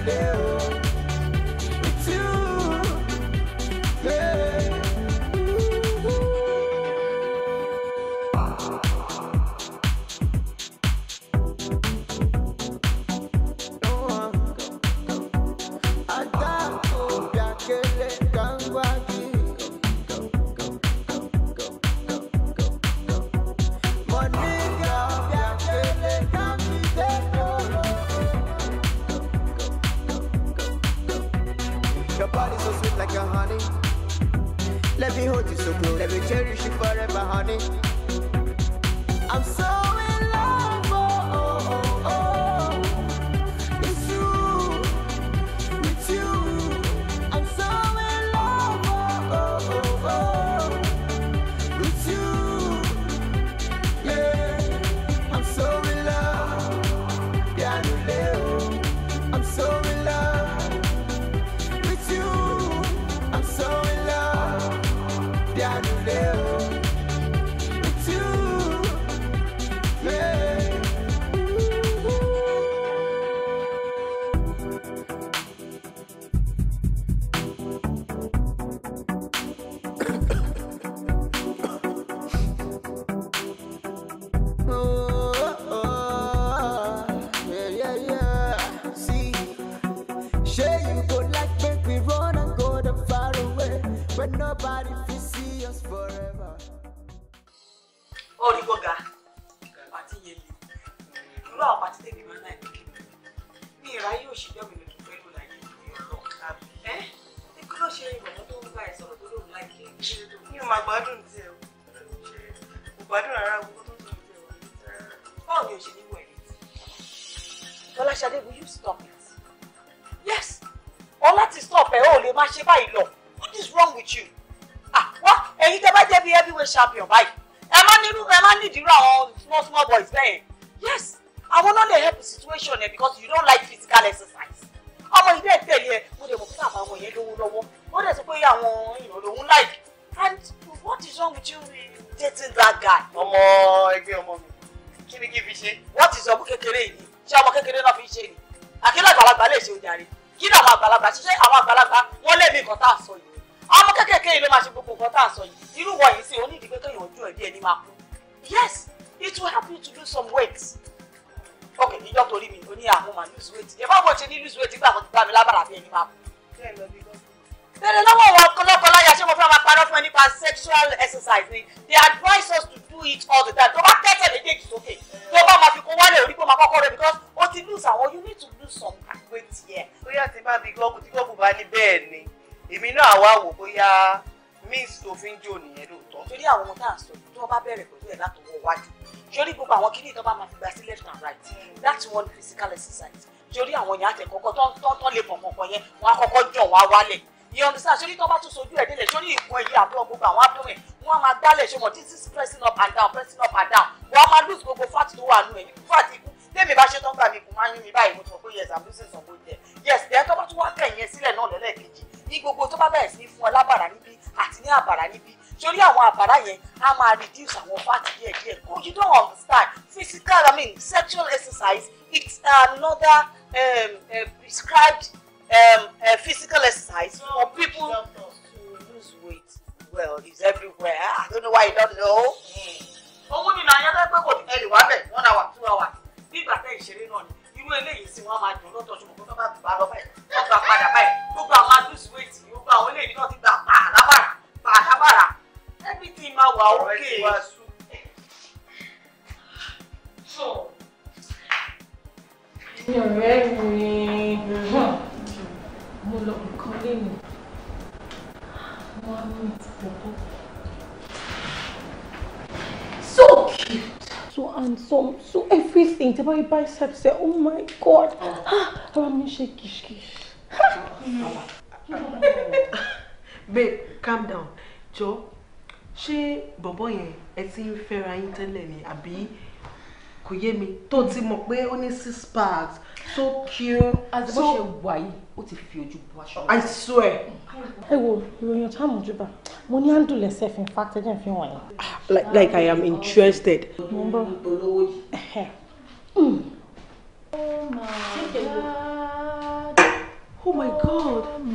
máa báyìí lọ what is wrong with you ah wá ẹ̀yin tẹ́ bá jẹ́ bí heavyweight champion báyìí ẹ má nírú ẹ má nídìírú àwọn small small boys bẹ́ẹ̀ yes àwọn náà lè help situation ẹ because you don't like physical exercise ọmọ ilé ẹgbẹ́ yẹn mo lè mọ̀ fún àwọn ọmọ yẹn lówó lọ́wọ́ ó dẹ̀ sọ pé àwọn èèyàn lòún like and what is wrong with you dating that guy. ọmọ ẹgbẹ́ ọmọ mi kí ni kí n fi ṣe. what is ọmọ kékeré yìí ṣé ọmọ kékeré náà fi ń ṣe ni àkínú àgbàlagbà lè ṣe ojàre kí ni àwọn àgbàlagbà ṣiṣẹ́ àwọn àgbàlagbà tẹ̀lé nǹkan tá à sọ yìí ọmọ kékèké yìí ló máa ṣe gbogbo nǹkan tá à sọ yìí irú wọ yìí sí i pé kéèyàn ojú ẹ̀ ẹni máa kú yes it will help you to do some weight ok ìjọ torí mi ò ní àwọn máa lose weight ìfọwọ́ bó ṣe ní lose weight nígbà tó ti bá mi lábàrà bí ẹni máa kú. bẹ̀rẹ̀ lọ́wọ́ wa ọ̀pọ̀lọpọ̀ láyà ṣé mo fẹ́ máa parọ́ fún ẹ nípa sexual exercise ni they advise us to do it all the time tó bá tẹ́tẹ̀ méjèèjì sókè tó bá máa fi kó wálé orí kó máa kọ́kọ́ rẹ̀ because o ti you need to do some weight here. ó yà ti bá mi gbọ́kù tí gbọ́kù bá ní èmi náà wá wò bóyá mint tó nìyẹn lóòótọ́. torí àwọn ohun tá à sọ tí bá bẹ̀rẹ̀ pẹ̀lú ẹ̀ látọwọ́ wájú sórí gbogbo àwọn kíní ìtọ́ bá máa fi gba sí left and right that's one physical exercise sórí àwọn èèyàn àtẹ̀kọ́kọ́ tọ́ lè pọ̀ yẹn wọ́n á kọ́kọ́ jọ̀ wọ́n á wálẹ̀ you understand tó bá tún sojú ẹ̀ délẹ̀ sórí ìkun ẹ̀yìn àbúrò gbogbo àwọn abdomen wọn máa gbálẹ̀ ṣọmọ this is pressing up and down pressing up and down wọn máa lose gbogbo fat tó wà nù ẹ̀yìn fat ikú tẹ́mi bá ṣe tán gbà mí kù máa ń yún mi báyìí mo ti pé yes i'm losing some weight there yes then tó bá tún wá kẹ̀yìn ẹ sílẹ̀ náà lẹ́lẹ́kejì ní gbogbo tó bá bẹ̀rẹ̀ sí fún ọ lábàrà níbí àti ní àbàrà níbí torí àwọn àbàrà yẹn á máa reduce àwọn fat díẹ̀ díẹ̀ kó oh, you don't understand physical i mean sexual exercise it's another um, uh, prescribed um, uh, physical exercise for people to lose weight well it's everywhere i don't know why you don't know. Hmm. owó nínú ayẹyẹ pé kò ní ẹlẹ́wàá bẹ̀ one hour two hours bí ìgbà tẹ́ ìṣeré náà ni irú eléyìí tí wọ́n máa dùn lọ́dọ̀ ṣùgbọ́n tó bá gbà lọ báyìí tó gbà padà báyìí gbogbo àwọn adúsù wéètì gbogbo àwọn eléyìí náà ti gbà pààlábàrà pààlábàrà everything máa wà òkè. mi ò rẹ́ mi mo lọ nǹkan lẹ́nu wọ́n á mú ìtìpọ̀ bọ́. so cute so handsome so everything tẹ́ bá rí biceps oh my god ara mi ṣe kìṣkìṣ. babe calm down Joe, she bọ̀bọ̀ yẹn ẹ ti ń fẹ́ra yín tẹ́lẹ̀ kò yé mi tó ti mọ̀ pé ó ní six packs so cute. àti bó ṣe wà yìí ó ti fi ojú bu aṣọ. I swear. ẹ wo ìròyìn ọ̀tá àmójúbà mo ní àǹdù lẹ́sẹ̀ fi fa tẹ́lẹ̀ fi wọ̀nyí. like like I am interested. mo ń bọ̀ Oh my God. Oh my God. Oh my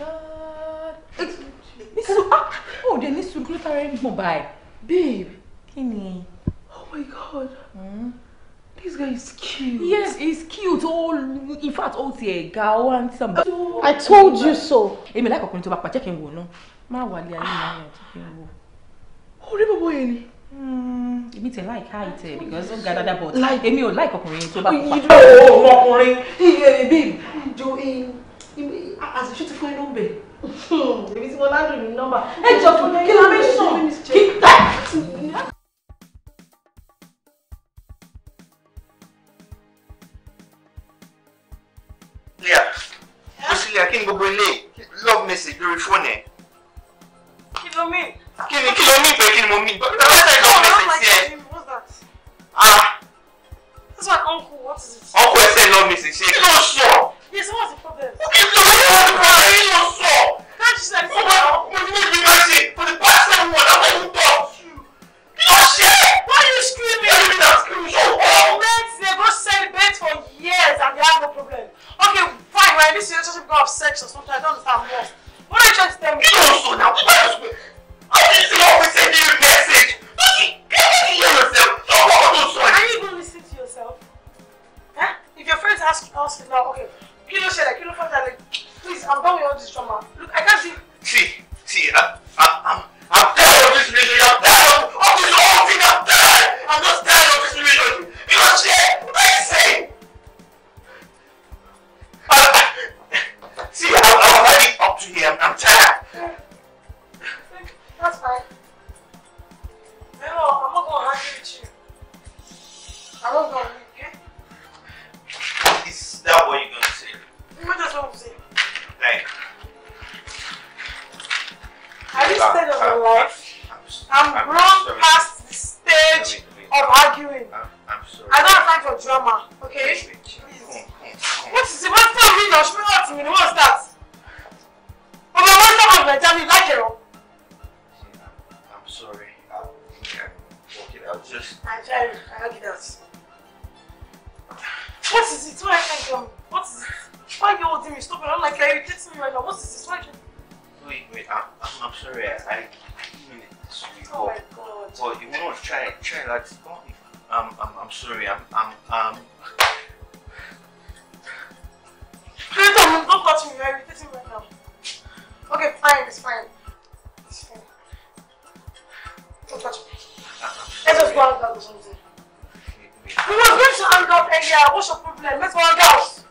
God. It's, it's so, ah, oh, they need to gluten Babe. Kí ni? my god. Mm. This guy is cute. Yes, he's cute. All in fact, all the girl and some. I told you so. Èmi like ọkùnrin tó bá pa jẹ́ kí n wò náà. Má wà lé ayé náà ah. yẹn jẹ́ kí n wò. Orí bàbá yẹn ni. Hmm, èmi tẹ̀ like height ẹ̀ because ó ga dada but èmi ò like ọkùnrin tó bá oh, pa. Ìjọ He ọkùnrin. Babe, jo àṣìṣe ti fún ẹ nọ́mbẹ̀. Èmi tí mo ládùn ní Number. Ẹ jọ fún mi Kill ló ń sùn that. clear kò sí clear kí gbogbo ilé love message lórí fóònù ẹ. kí ló mí. kí ni kí ló mí pé kí ni mo mí. bàbá ṣe love message sí ẹ. ah. that's my uncle what is it. uncle ẹ send love message sí ẹ kí ló sọ. yes what's the problem. kí ló sọ what's the problem kí ló sọ. can't you send me. mo ní ibi ṣe for the past seven months i wan talk. kí ló ṣe. why are you screaming. every me i scream so hard. beds go sell beds for years and they have no problem. Okay, fine, we're in this relationship, go have sex or something. I don't understand more. What are you trying to tell me? You also now. What else? How did you always send me a message? Don't you hear yourself? Don't go on Are you even listen to yourself? Huh? If your friends ask you, ask you now, okay, you don't share that, you don't find that, like, please, I'm done with all this drama. Look, I can't see. See, see, I, I, I'm, I'm tired of this relationship. I'm tired of, of this whole thing. I'm tired. I'm just tired of this relationship. You don't share. What are you saying? See, I'm, already up to here. I'm, I'm tired. That's fine. No, I'm not going to argue with you. I'm not going to Is that what you're going to say? What does what I'm saying? Like... Have you stayed of my life? I'm, I'm, I'm grown sorry. past the stage I mean, I of arguing. I'm, I'm sorry. I don't have time for drama, okay? mi lọ ṣúná ọ̀tún mi ni wọ́n start. Ọmọ wọn sọ̀rọ̀ ìwẹ̀ já mi lájẹ̀rọ. I'm sorry. i am Just. I'm sorry. I'll out. What is it? Why can you? What is it? Why are you holding me? Stop it! I'm like you're me right now. What is this? Why can't? Wait, wait. I'm, I'm, I'm sorry. I, I didn't mean it to you. Oh but, my God. But you won't try. Try like. Um, I'm, I'm sorry. I'm, I'm, um. Don't touch me, you're irritating right now. Okay, fine, it's fine. It's fine. Don't touch me. Let us go out or something. We were going to hang out earlier. What's your problem? Let's go hang out.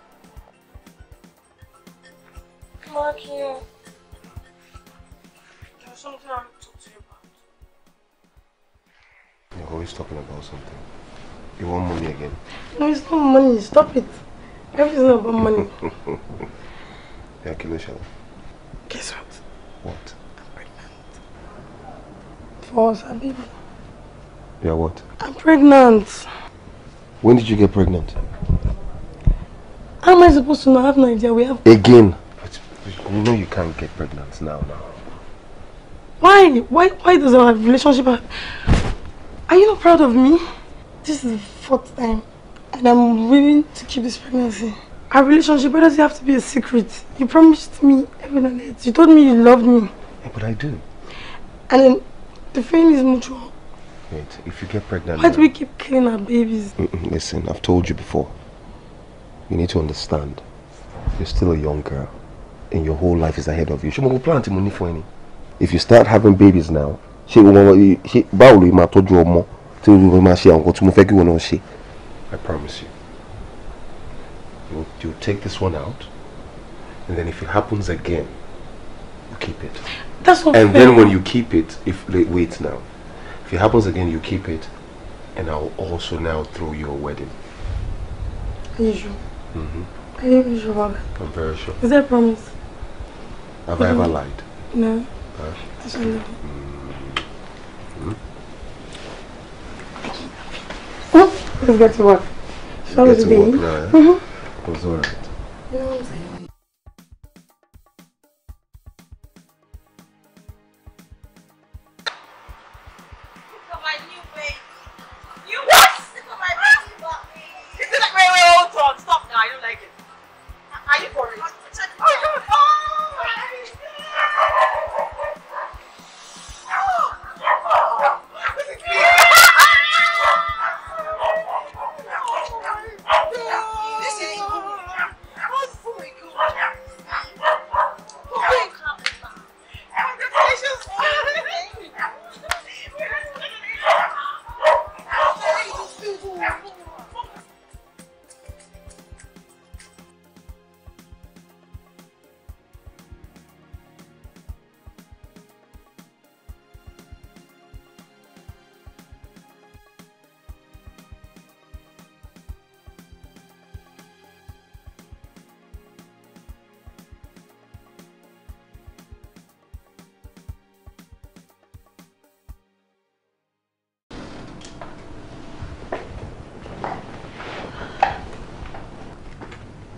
Mark here. There's something I need to talk to you about. You're always talking about something. You want money again? No, it's not money. Stop it. Everything's about money. Yeah, kí ló Guess what? What? I'm pregnant. For a baby. You're what? I'm pregnant. When did you get pregnant? How am I supposed to know? I have no idea. We have again. But, but you know you can't get pregnant now. Now. Why? Why? Why does our relationship? Have... Are you not proud of me? This is the fourth time, and I'm willing to keep this pregnancy. Our relationship doesn't have to be a secret. You promised me heaven and earth. You told me you loved me. Yeah, but I do. And then the feeling is mutual. Wait, if you get pregnant... Why do we keep killing our babies? Mm -mm, listen, I've told you before. You need to understand. You're still a young girl. And your whole life is ahead of you. Ṣé mo mọ plan tí mo If you start having babies now, ṣé báwo I promise you. you take this one out, and then if it happens again, you keep it. That's not And then when you keep it, if wait now, if it happens again, you keep it, and I'll also now throw you a wedding. Are you sure? Mm -hmm. Are you sure, Baba? I'm very sure. Is that a promise? Have mm -hmm. I ever mm-hmm. lied? No. Huh? mm -hmm. Let's get to work. Shall we be? yeah? mm -hmm. was all right.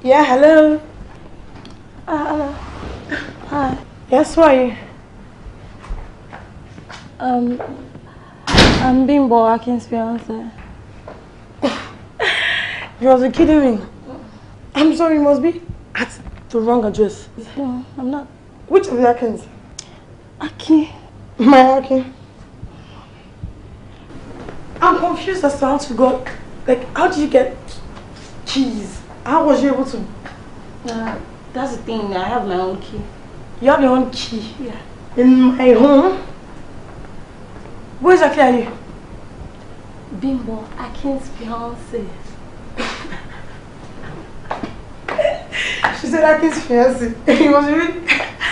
Yeah, hello. Uh, ah, hello. Ah. Hi. Ah, yes, who are you? Um, I'm Bimbo Akin's fiance. you wasn't kidding me. I'm sorry, you must be at the wrong address. No, I'm not. Which of the Akins? Aki. My Aki. I'm confused as to how to go. Like, how do you get keys? How was you able to? Uh, that's the thing. I have my own key. You have your own key? Yeah. In my home? Where exactly are you? Bimbo, Akin's fiance. she said Akin's fiance. He was really...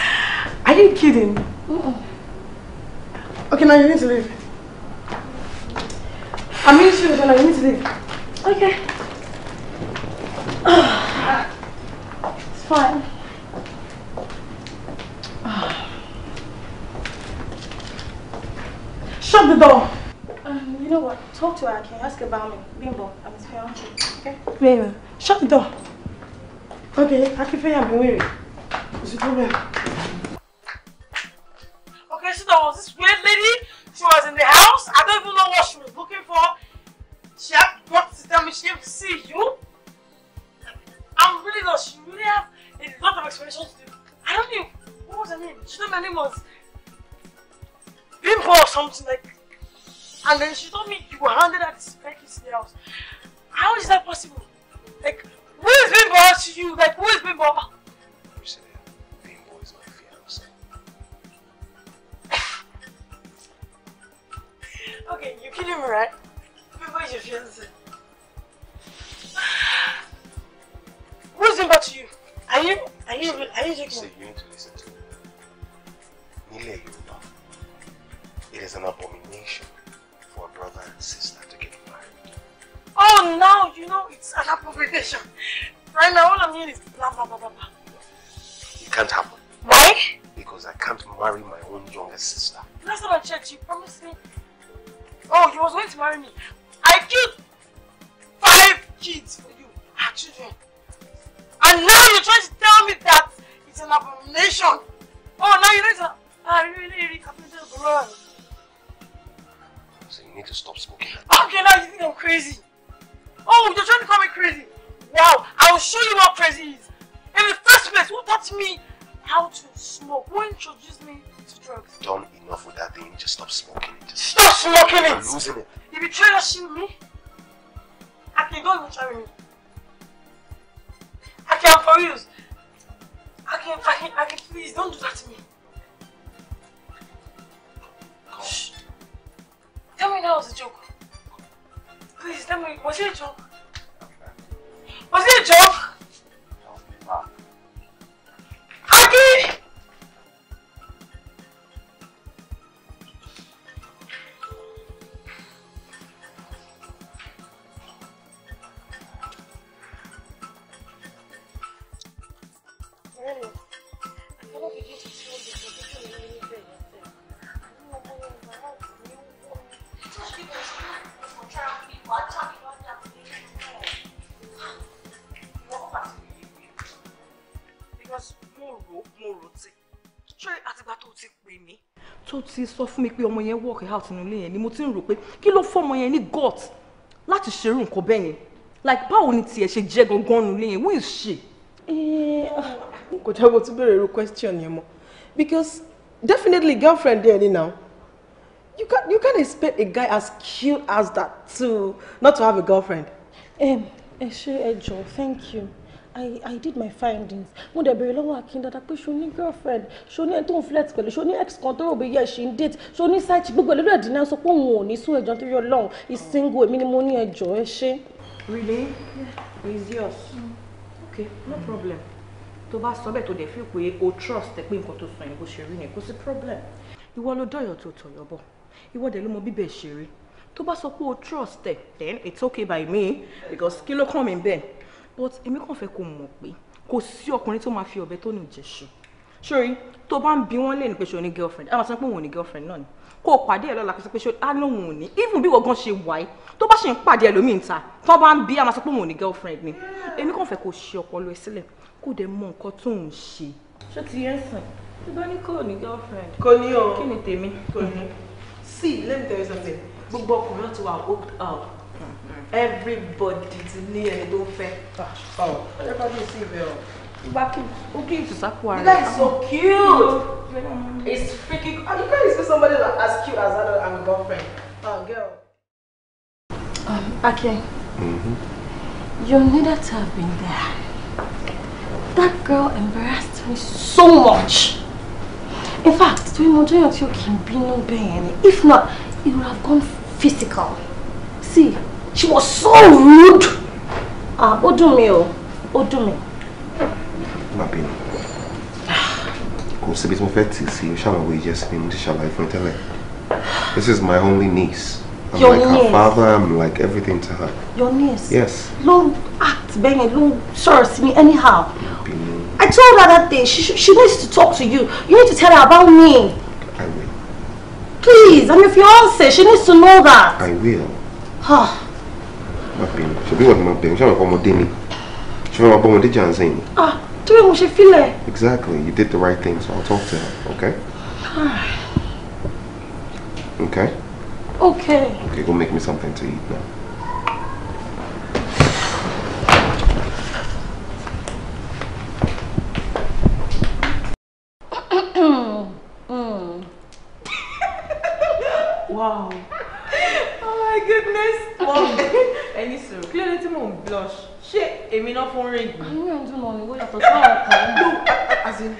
Are you kidding? Mm -mm. Okay, now you need to leave. I'm in shoes and I need to leave. Okay. It's fine. Shut the door. Um, you know what? Talk to her. Can you ask about me? Bimbo, I'm his fiancée. Okay? Bimbo, shut the door. Okay, I can feel I'm weary. Is it over? Okay, so there was this weird lady. She was in the house. I don't even know what she was looking for. She had what to tell me she came to see you. I'm really lost. She really have a lot of explanations to do. I don't know. What was her name? She told me her name was Bimbo or something like. And then she told me you were handed at this package in the house. How is that possible? Like, who is Bimbo to you? Like, who is Bimbo? is my okay, you're kidding me, right? Bimbo is your fiance. What's the matter to you? Are you are you are you joking? See, you need to listen to me. Nílẹ̀ Yorùbá, it is an abomination for a brother and sister to get married. Oh, now you know it's an abomination. Right now, all I'm hearing is blah blah blah blah blah. It can't happen. Why? Because I can't marry my own younger sister. Last time I church, you promised me. Oh, you was going to marry me. I killed five kids for you, our children. And now you're trying to tell me that it's an abomination. Oh, now you know it's a... I really, really can't do the world. So you need to stop smoking. Okay, now you think I'm crazy. Oh, you're trying to call me crazy. Wow, I'll show you what crazy is. In the first place, who taught me how to smoke? Who introduced me to drugs? Done enough with that thing. Just stop smoking it. stop smoking it! I'm losing it. If you try to shoot me, I can go and try with me. Akin, I'm for real. Akin, Akin, Akin, please don't do that to me. Shh. Tell me now it's a joke. Please, tell me, was it a joke? Was it a joke? ti sọ fún mi pé ọmọ yẹn work out nínú ilé yẹn ni mo ti ń rò pé kí ló fọ́ yẹn ní gut láti ṣerú nǹkan bẹ́ẹ̀ yẹn like báwo ni tiẹ̀ ṣe jẹ́ gangan nínú ilé yẹn wọ́n ì ṣe. kò jẹ́ bó tún béèrè irú question yẹn mọ́ because definitely girlfriend there ni now you can you can expect a guy as cute as that to not to have a girlfriend. ẹ ṣe ẹ jọ thank you. I, I did my findings. Mo dẹ̀ béèrè lọ́wọ́ Akíndada pé ṣo ní girlfriend, Shoni ní ẹni tó ń flirt pẹ̀lú, ṣo ní ex kan tó rò bí yẹ ṣe ń date, ṣo ní side chick gbogbo ẹ̀ lórí ẹ̀dínlá sọ pé òun ò ní sún ẹ̀jọ́ nítorí is single èmi ni mo ní ẹjọ́ ẹ ṣe. Really? Yeah. It's yours. Mm. Okay, no problem. Tó bá sọ bẹ́ẹ̀ tó dẹ̀ fi pé o trust pé nǹkan tó sọ yẹn bó ṣe rí yẹn kò sí problem. Ìwọ ló dọ̀yọ̀ tó tọ̀yọ̀ bọ̀, ìwọ dẹ̀ ló mọ bíbẹ̀ ṣe rí. Tó bá sọ pé o trust then it's okay by me because kilo ló kàn mí but èmi kàn fẹ́ kó mọ̀ pé kò sí ọkùnrin to máa fi ọ̀bẹ tó nù jẹ̀ṣù sórí tó bá ń bi wọ́n lè ní pé ṣe o girlfriend a máa sọ pé òun ò girlfriend náà ni kó o pàdé ẹ lọ́la kó o sọ pé ṣe even bí wọ́n gan ṣe wà ẹ́ tó bá ṣe ń pàdé ẹlòmíì ta tó bá ń bi a máa sọ pé òun ò girlfriend ni èmi kàn fẹ́ kó o ṣe ọpọlọ ẹ sílẹ̀ kó o dẹ̀ mọ nǹkan tó ń ṣe. ṣé ti yẹn sàn tó bá ní kó o girlfriend. kò ní o kí ni tèmi. kò ní sí let me tell you something gbogbo ọkùnrin náà ti wà hooked up mm-hmm everybody ti ní ẹni tó ń fẹ́. Ah, oh, everybody sí ibẹ̀ o. Uki is Saku Ara. You guys are so cute. It's freaking. Have ah, you guys seen somebody as cute as that and a girlfriend? Oh, ah, girl. Um, Akin. Mm-hmm. You needed to have been there. That girl embarrassed me so much. In fact, to him, you can be no pain. If not, it would have gone physical. See, she was so rude. ah ó dùn mí o ó dùn mí. má bínú kò síbi tí mo fẹ́ tì sí o ṣàmùwò Just ni mo ti ṣàlàyé fún tẹ́lẹ̀ this is my only niece. I'm Your like niece. her father, I'm like everything to her. Your niece? Yes. Long act, Benny, long source me anyhow. I told her that day, she, she needs to talk to you. You need to tell her about me. I will. Please, I'm your fiance. She needs to know that. I will. Huh má bínú ṣebí wọ́n ti máa bẹ̀rù ṣàmùkọ́ ọmọdé ni ṣé wọ́n máa bọ́ ọmọdé jà ń sẹ́yìn. ah torí mo ṣe fílẹ̀. exactly you did the right thing so I'll talk to her okay. Ah. okay. okay. okay go make me something to eat now. Hmm. Wow. sùúrù kí ló dé tí mò ń blush ṣé èmi náà fún ring. àwọn èèyàn dùn mọ́ mi wọ́n yàtọ̀ sí àwọn kan. no as in.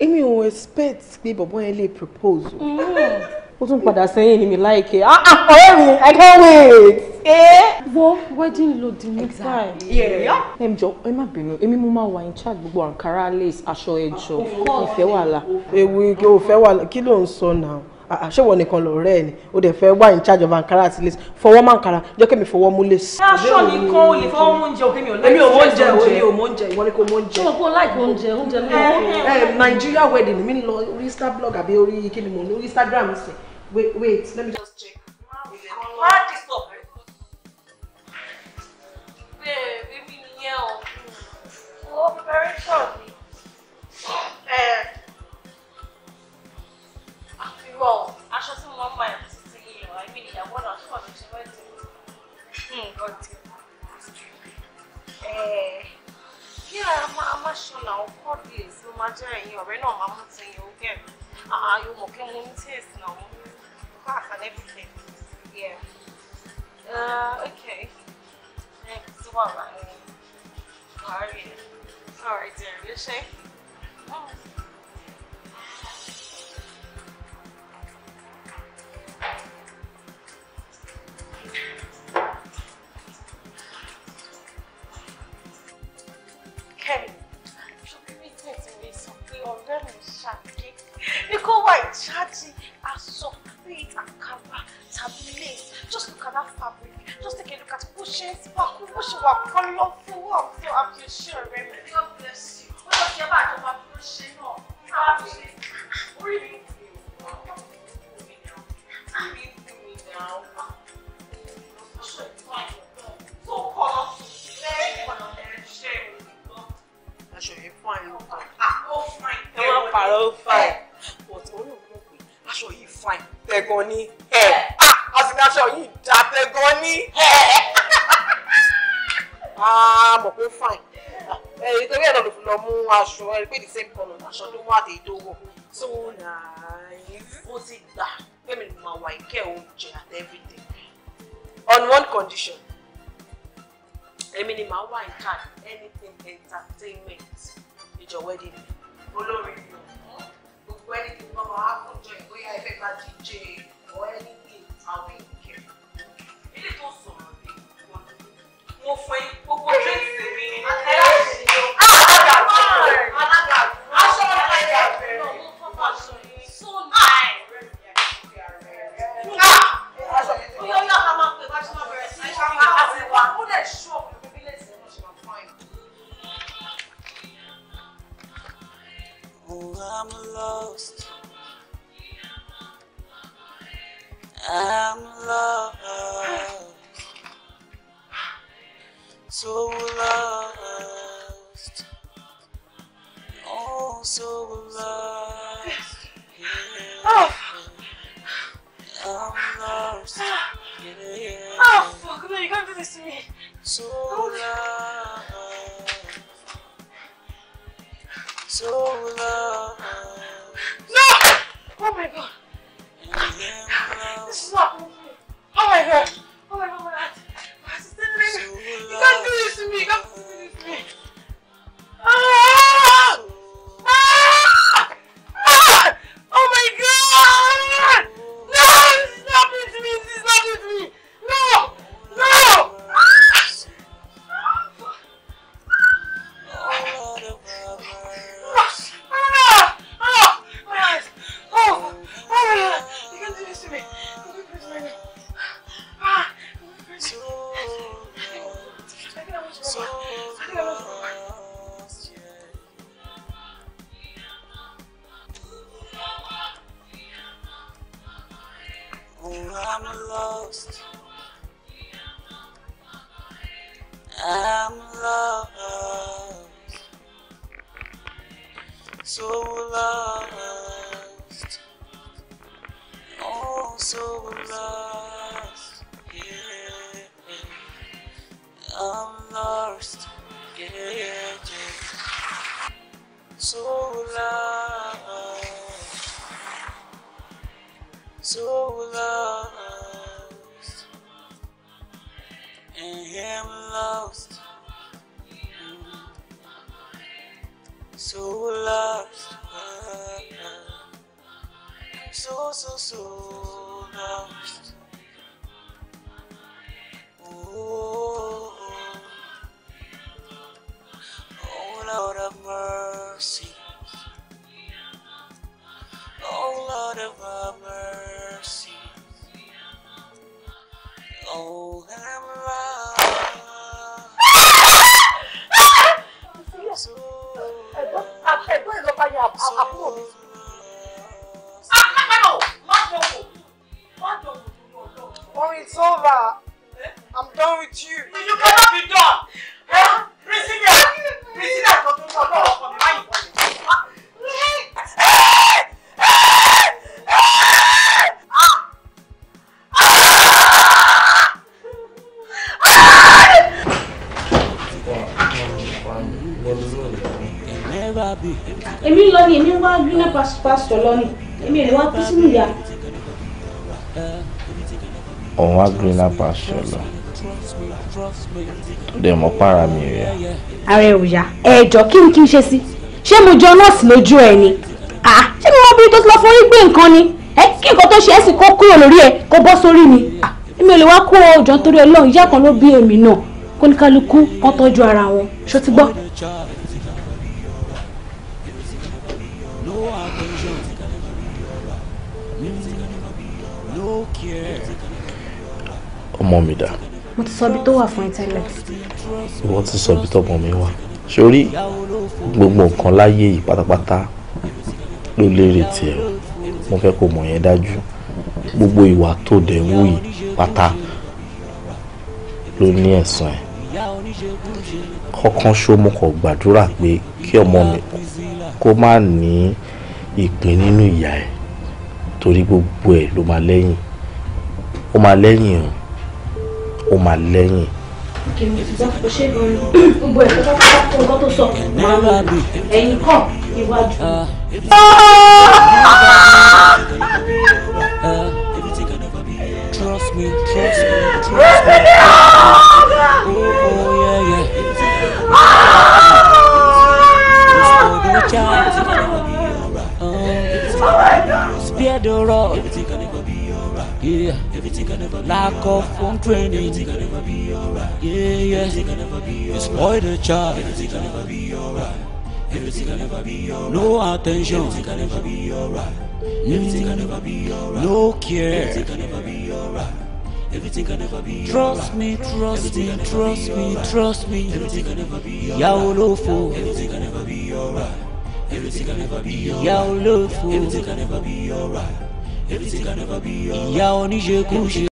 èmi ò expect pé bọ̀bọ́ yẹn lè propose o. Mm-hmm. ó tún padà sẹ́yìn ni mi e. ah, ah, ọ̀rẹ́ mi i can't wait. Eh? wo wedding lo di ní báyìí. ẹ jọ ẹ má bínú èmi mo máa wà in charge gbogbo ankara lace aṣọ ẹjọ ìfẹ́ wàhálà. ewu ìfẹ́ wàhálà kí ló ń sọ náà. Ah, ah, ṣé wọ́n nìkan lọ rẹ́ ẹ̀ ni o dẹ̀ fẹ́ wá in charge of ankara àti lace fọwọ́ mọ́ ankara jẹ́ kí mi fọwọ́ mú lace. aṣọ nìkan o lè fọwọ́ mú oúnjẹ òkèmí ò lẹ́yìn oúnjẹ òní ò mọ oúnjẹ ìwọ ni kò mọ oúnjẹ. ṣùgbọ́n láìpẹ́ oúnjẹ oúnjẹ ló ń kọ́. ẹ Nigeria wedding mi ń lọ orí star blog àbí orí kí ni mo ní orí Instagram sí wait let me just check. má disturb rẹ. bẹ́ẹ̀ bíbí nìyẹn o. o preparation ni. Eh, irọ́ aṣọ tí mo máa ń bá yàtọ̀ sí ti yìí ọ̀ àìmí ìyàwó náà tó kọ̀ọ̀dọ̀ ṣe wẹ́ẹ̀tì nǹkan tí hmm, kí ẹ máa má ṣọlá ọkọ bí èsì ó máa jẹ́ ẹ̀yìn ọ̀rẹ́ náà máa mú ti yẹn ó gẹ̀rù ààyò mọ̀ kí mo ní yeah uh, okay next wà láàrin wàá rí ẹ all you Oh. Hurry up. mo ti gbà kémi ni mo máa wà ìkẹ́ oúnjẹ and everything on one condition èmi ni màá wà in charge anything entertainment your wedding olórin lọ gbogbo ẹni tí wọ́n máa kún jọ ìgbóyà ẹgbẹ́ bá DJ or anything àwọn ìkẹ́ ilé tó sọ̀rọ̀ ni mo fẹ́ gbogbo drinks mi ẹ̀rọ ìṣèlú alága alága aṣọ alága mo fọ́ fọ́ aṣọ yìí so I'm lost. I'm lost. So lost. Oh, so lost. Oh! Oh fuck, no, you can't do this to me! So uh, So uh, No! Oh, oh my god! This is not. Oh my god! èmi ń lọ ni èmi ń wá greener pasture lọ ni èmi ò lè wá kú sínú ìyá. òun wá greener pasture lọ dẹ̀ mọ́ para mi rẹ̀. ààrẹ ò yá ẹ̀jọ̀ kí ni kí n ṣe sí ṣé mo jọ nọ́ọ̀sì lójú ẹ̀ ni ṣé mo mọ bí tó ti lọ forí gbé nǹkan ni kí nǹkan tó ṣe ẹ̀ sì kó kúrò lórí ẹ̀ kó bọ́ sórí mi èmi ò lè wá kó ọjọ́ nítorí ọlọ́run ìyá kan ló bí èmi náà kóníkálukú wọ́n tọ́jú ara wọn ṣó ti gbọ́. ọmọ mi dà. mo ti sọ ibi tó wà fún ẹ tẹ́lẹ̀. ìwọ ti sọ ibi tó ọmọ mi wà sórí gbogbo nǹkan láyé yìí pátápátá ló lérè tiẹ̀ mo fẹ́ kó mọ̀ yẹn dájú gbogbo ìwà tó dẹ̀ ń wù yìí pátá ló ní ẹ̀san ẹ̀ kọ́kán ṣó mo kàn gbàdúrà pé kí ọmọ mi kó má ní ìpín nínú ìyà ẹ̀ torí gbogbo ẹ̀ ló máa lẹ́yìn ó máa lẹ́yìn o ó máa lẹ́yìn. Trust me, trust me, trust me. Oh, yeah, Yeah. Oh! Lack of home training. Right. Yeah, yeah. You spoil the child. Right. No attention. Right. Mm. No care. Trust me, trust me, trust me, trust me. Ìyá olófo. Ìyá olófo. Everything can never be alright. Everything can never be alright. Ìyá oníṣekúṣe.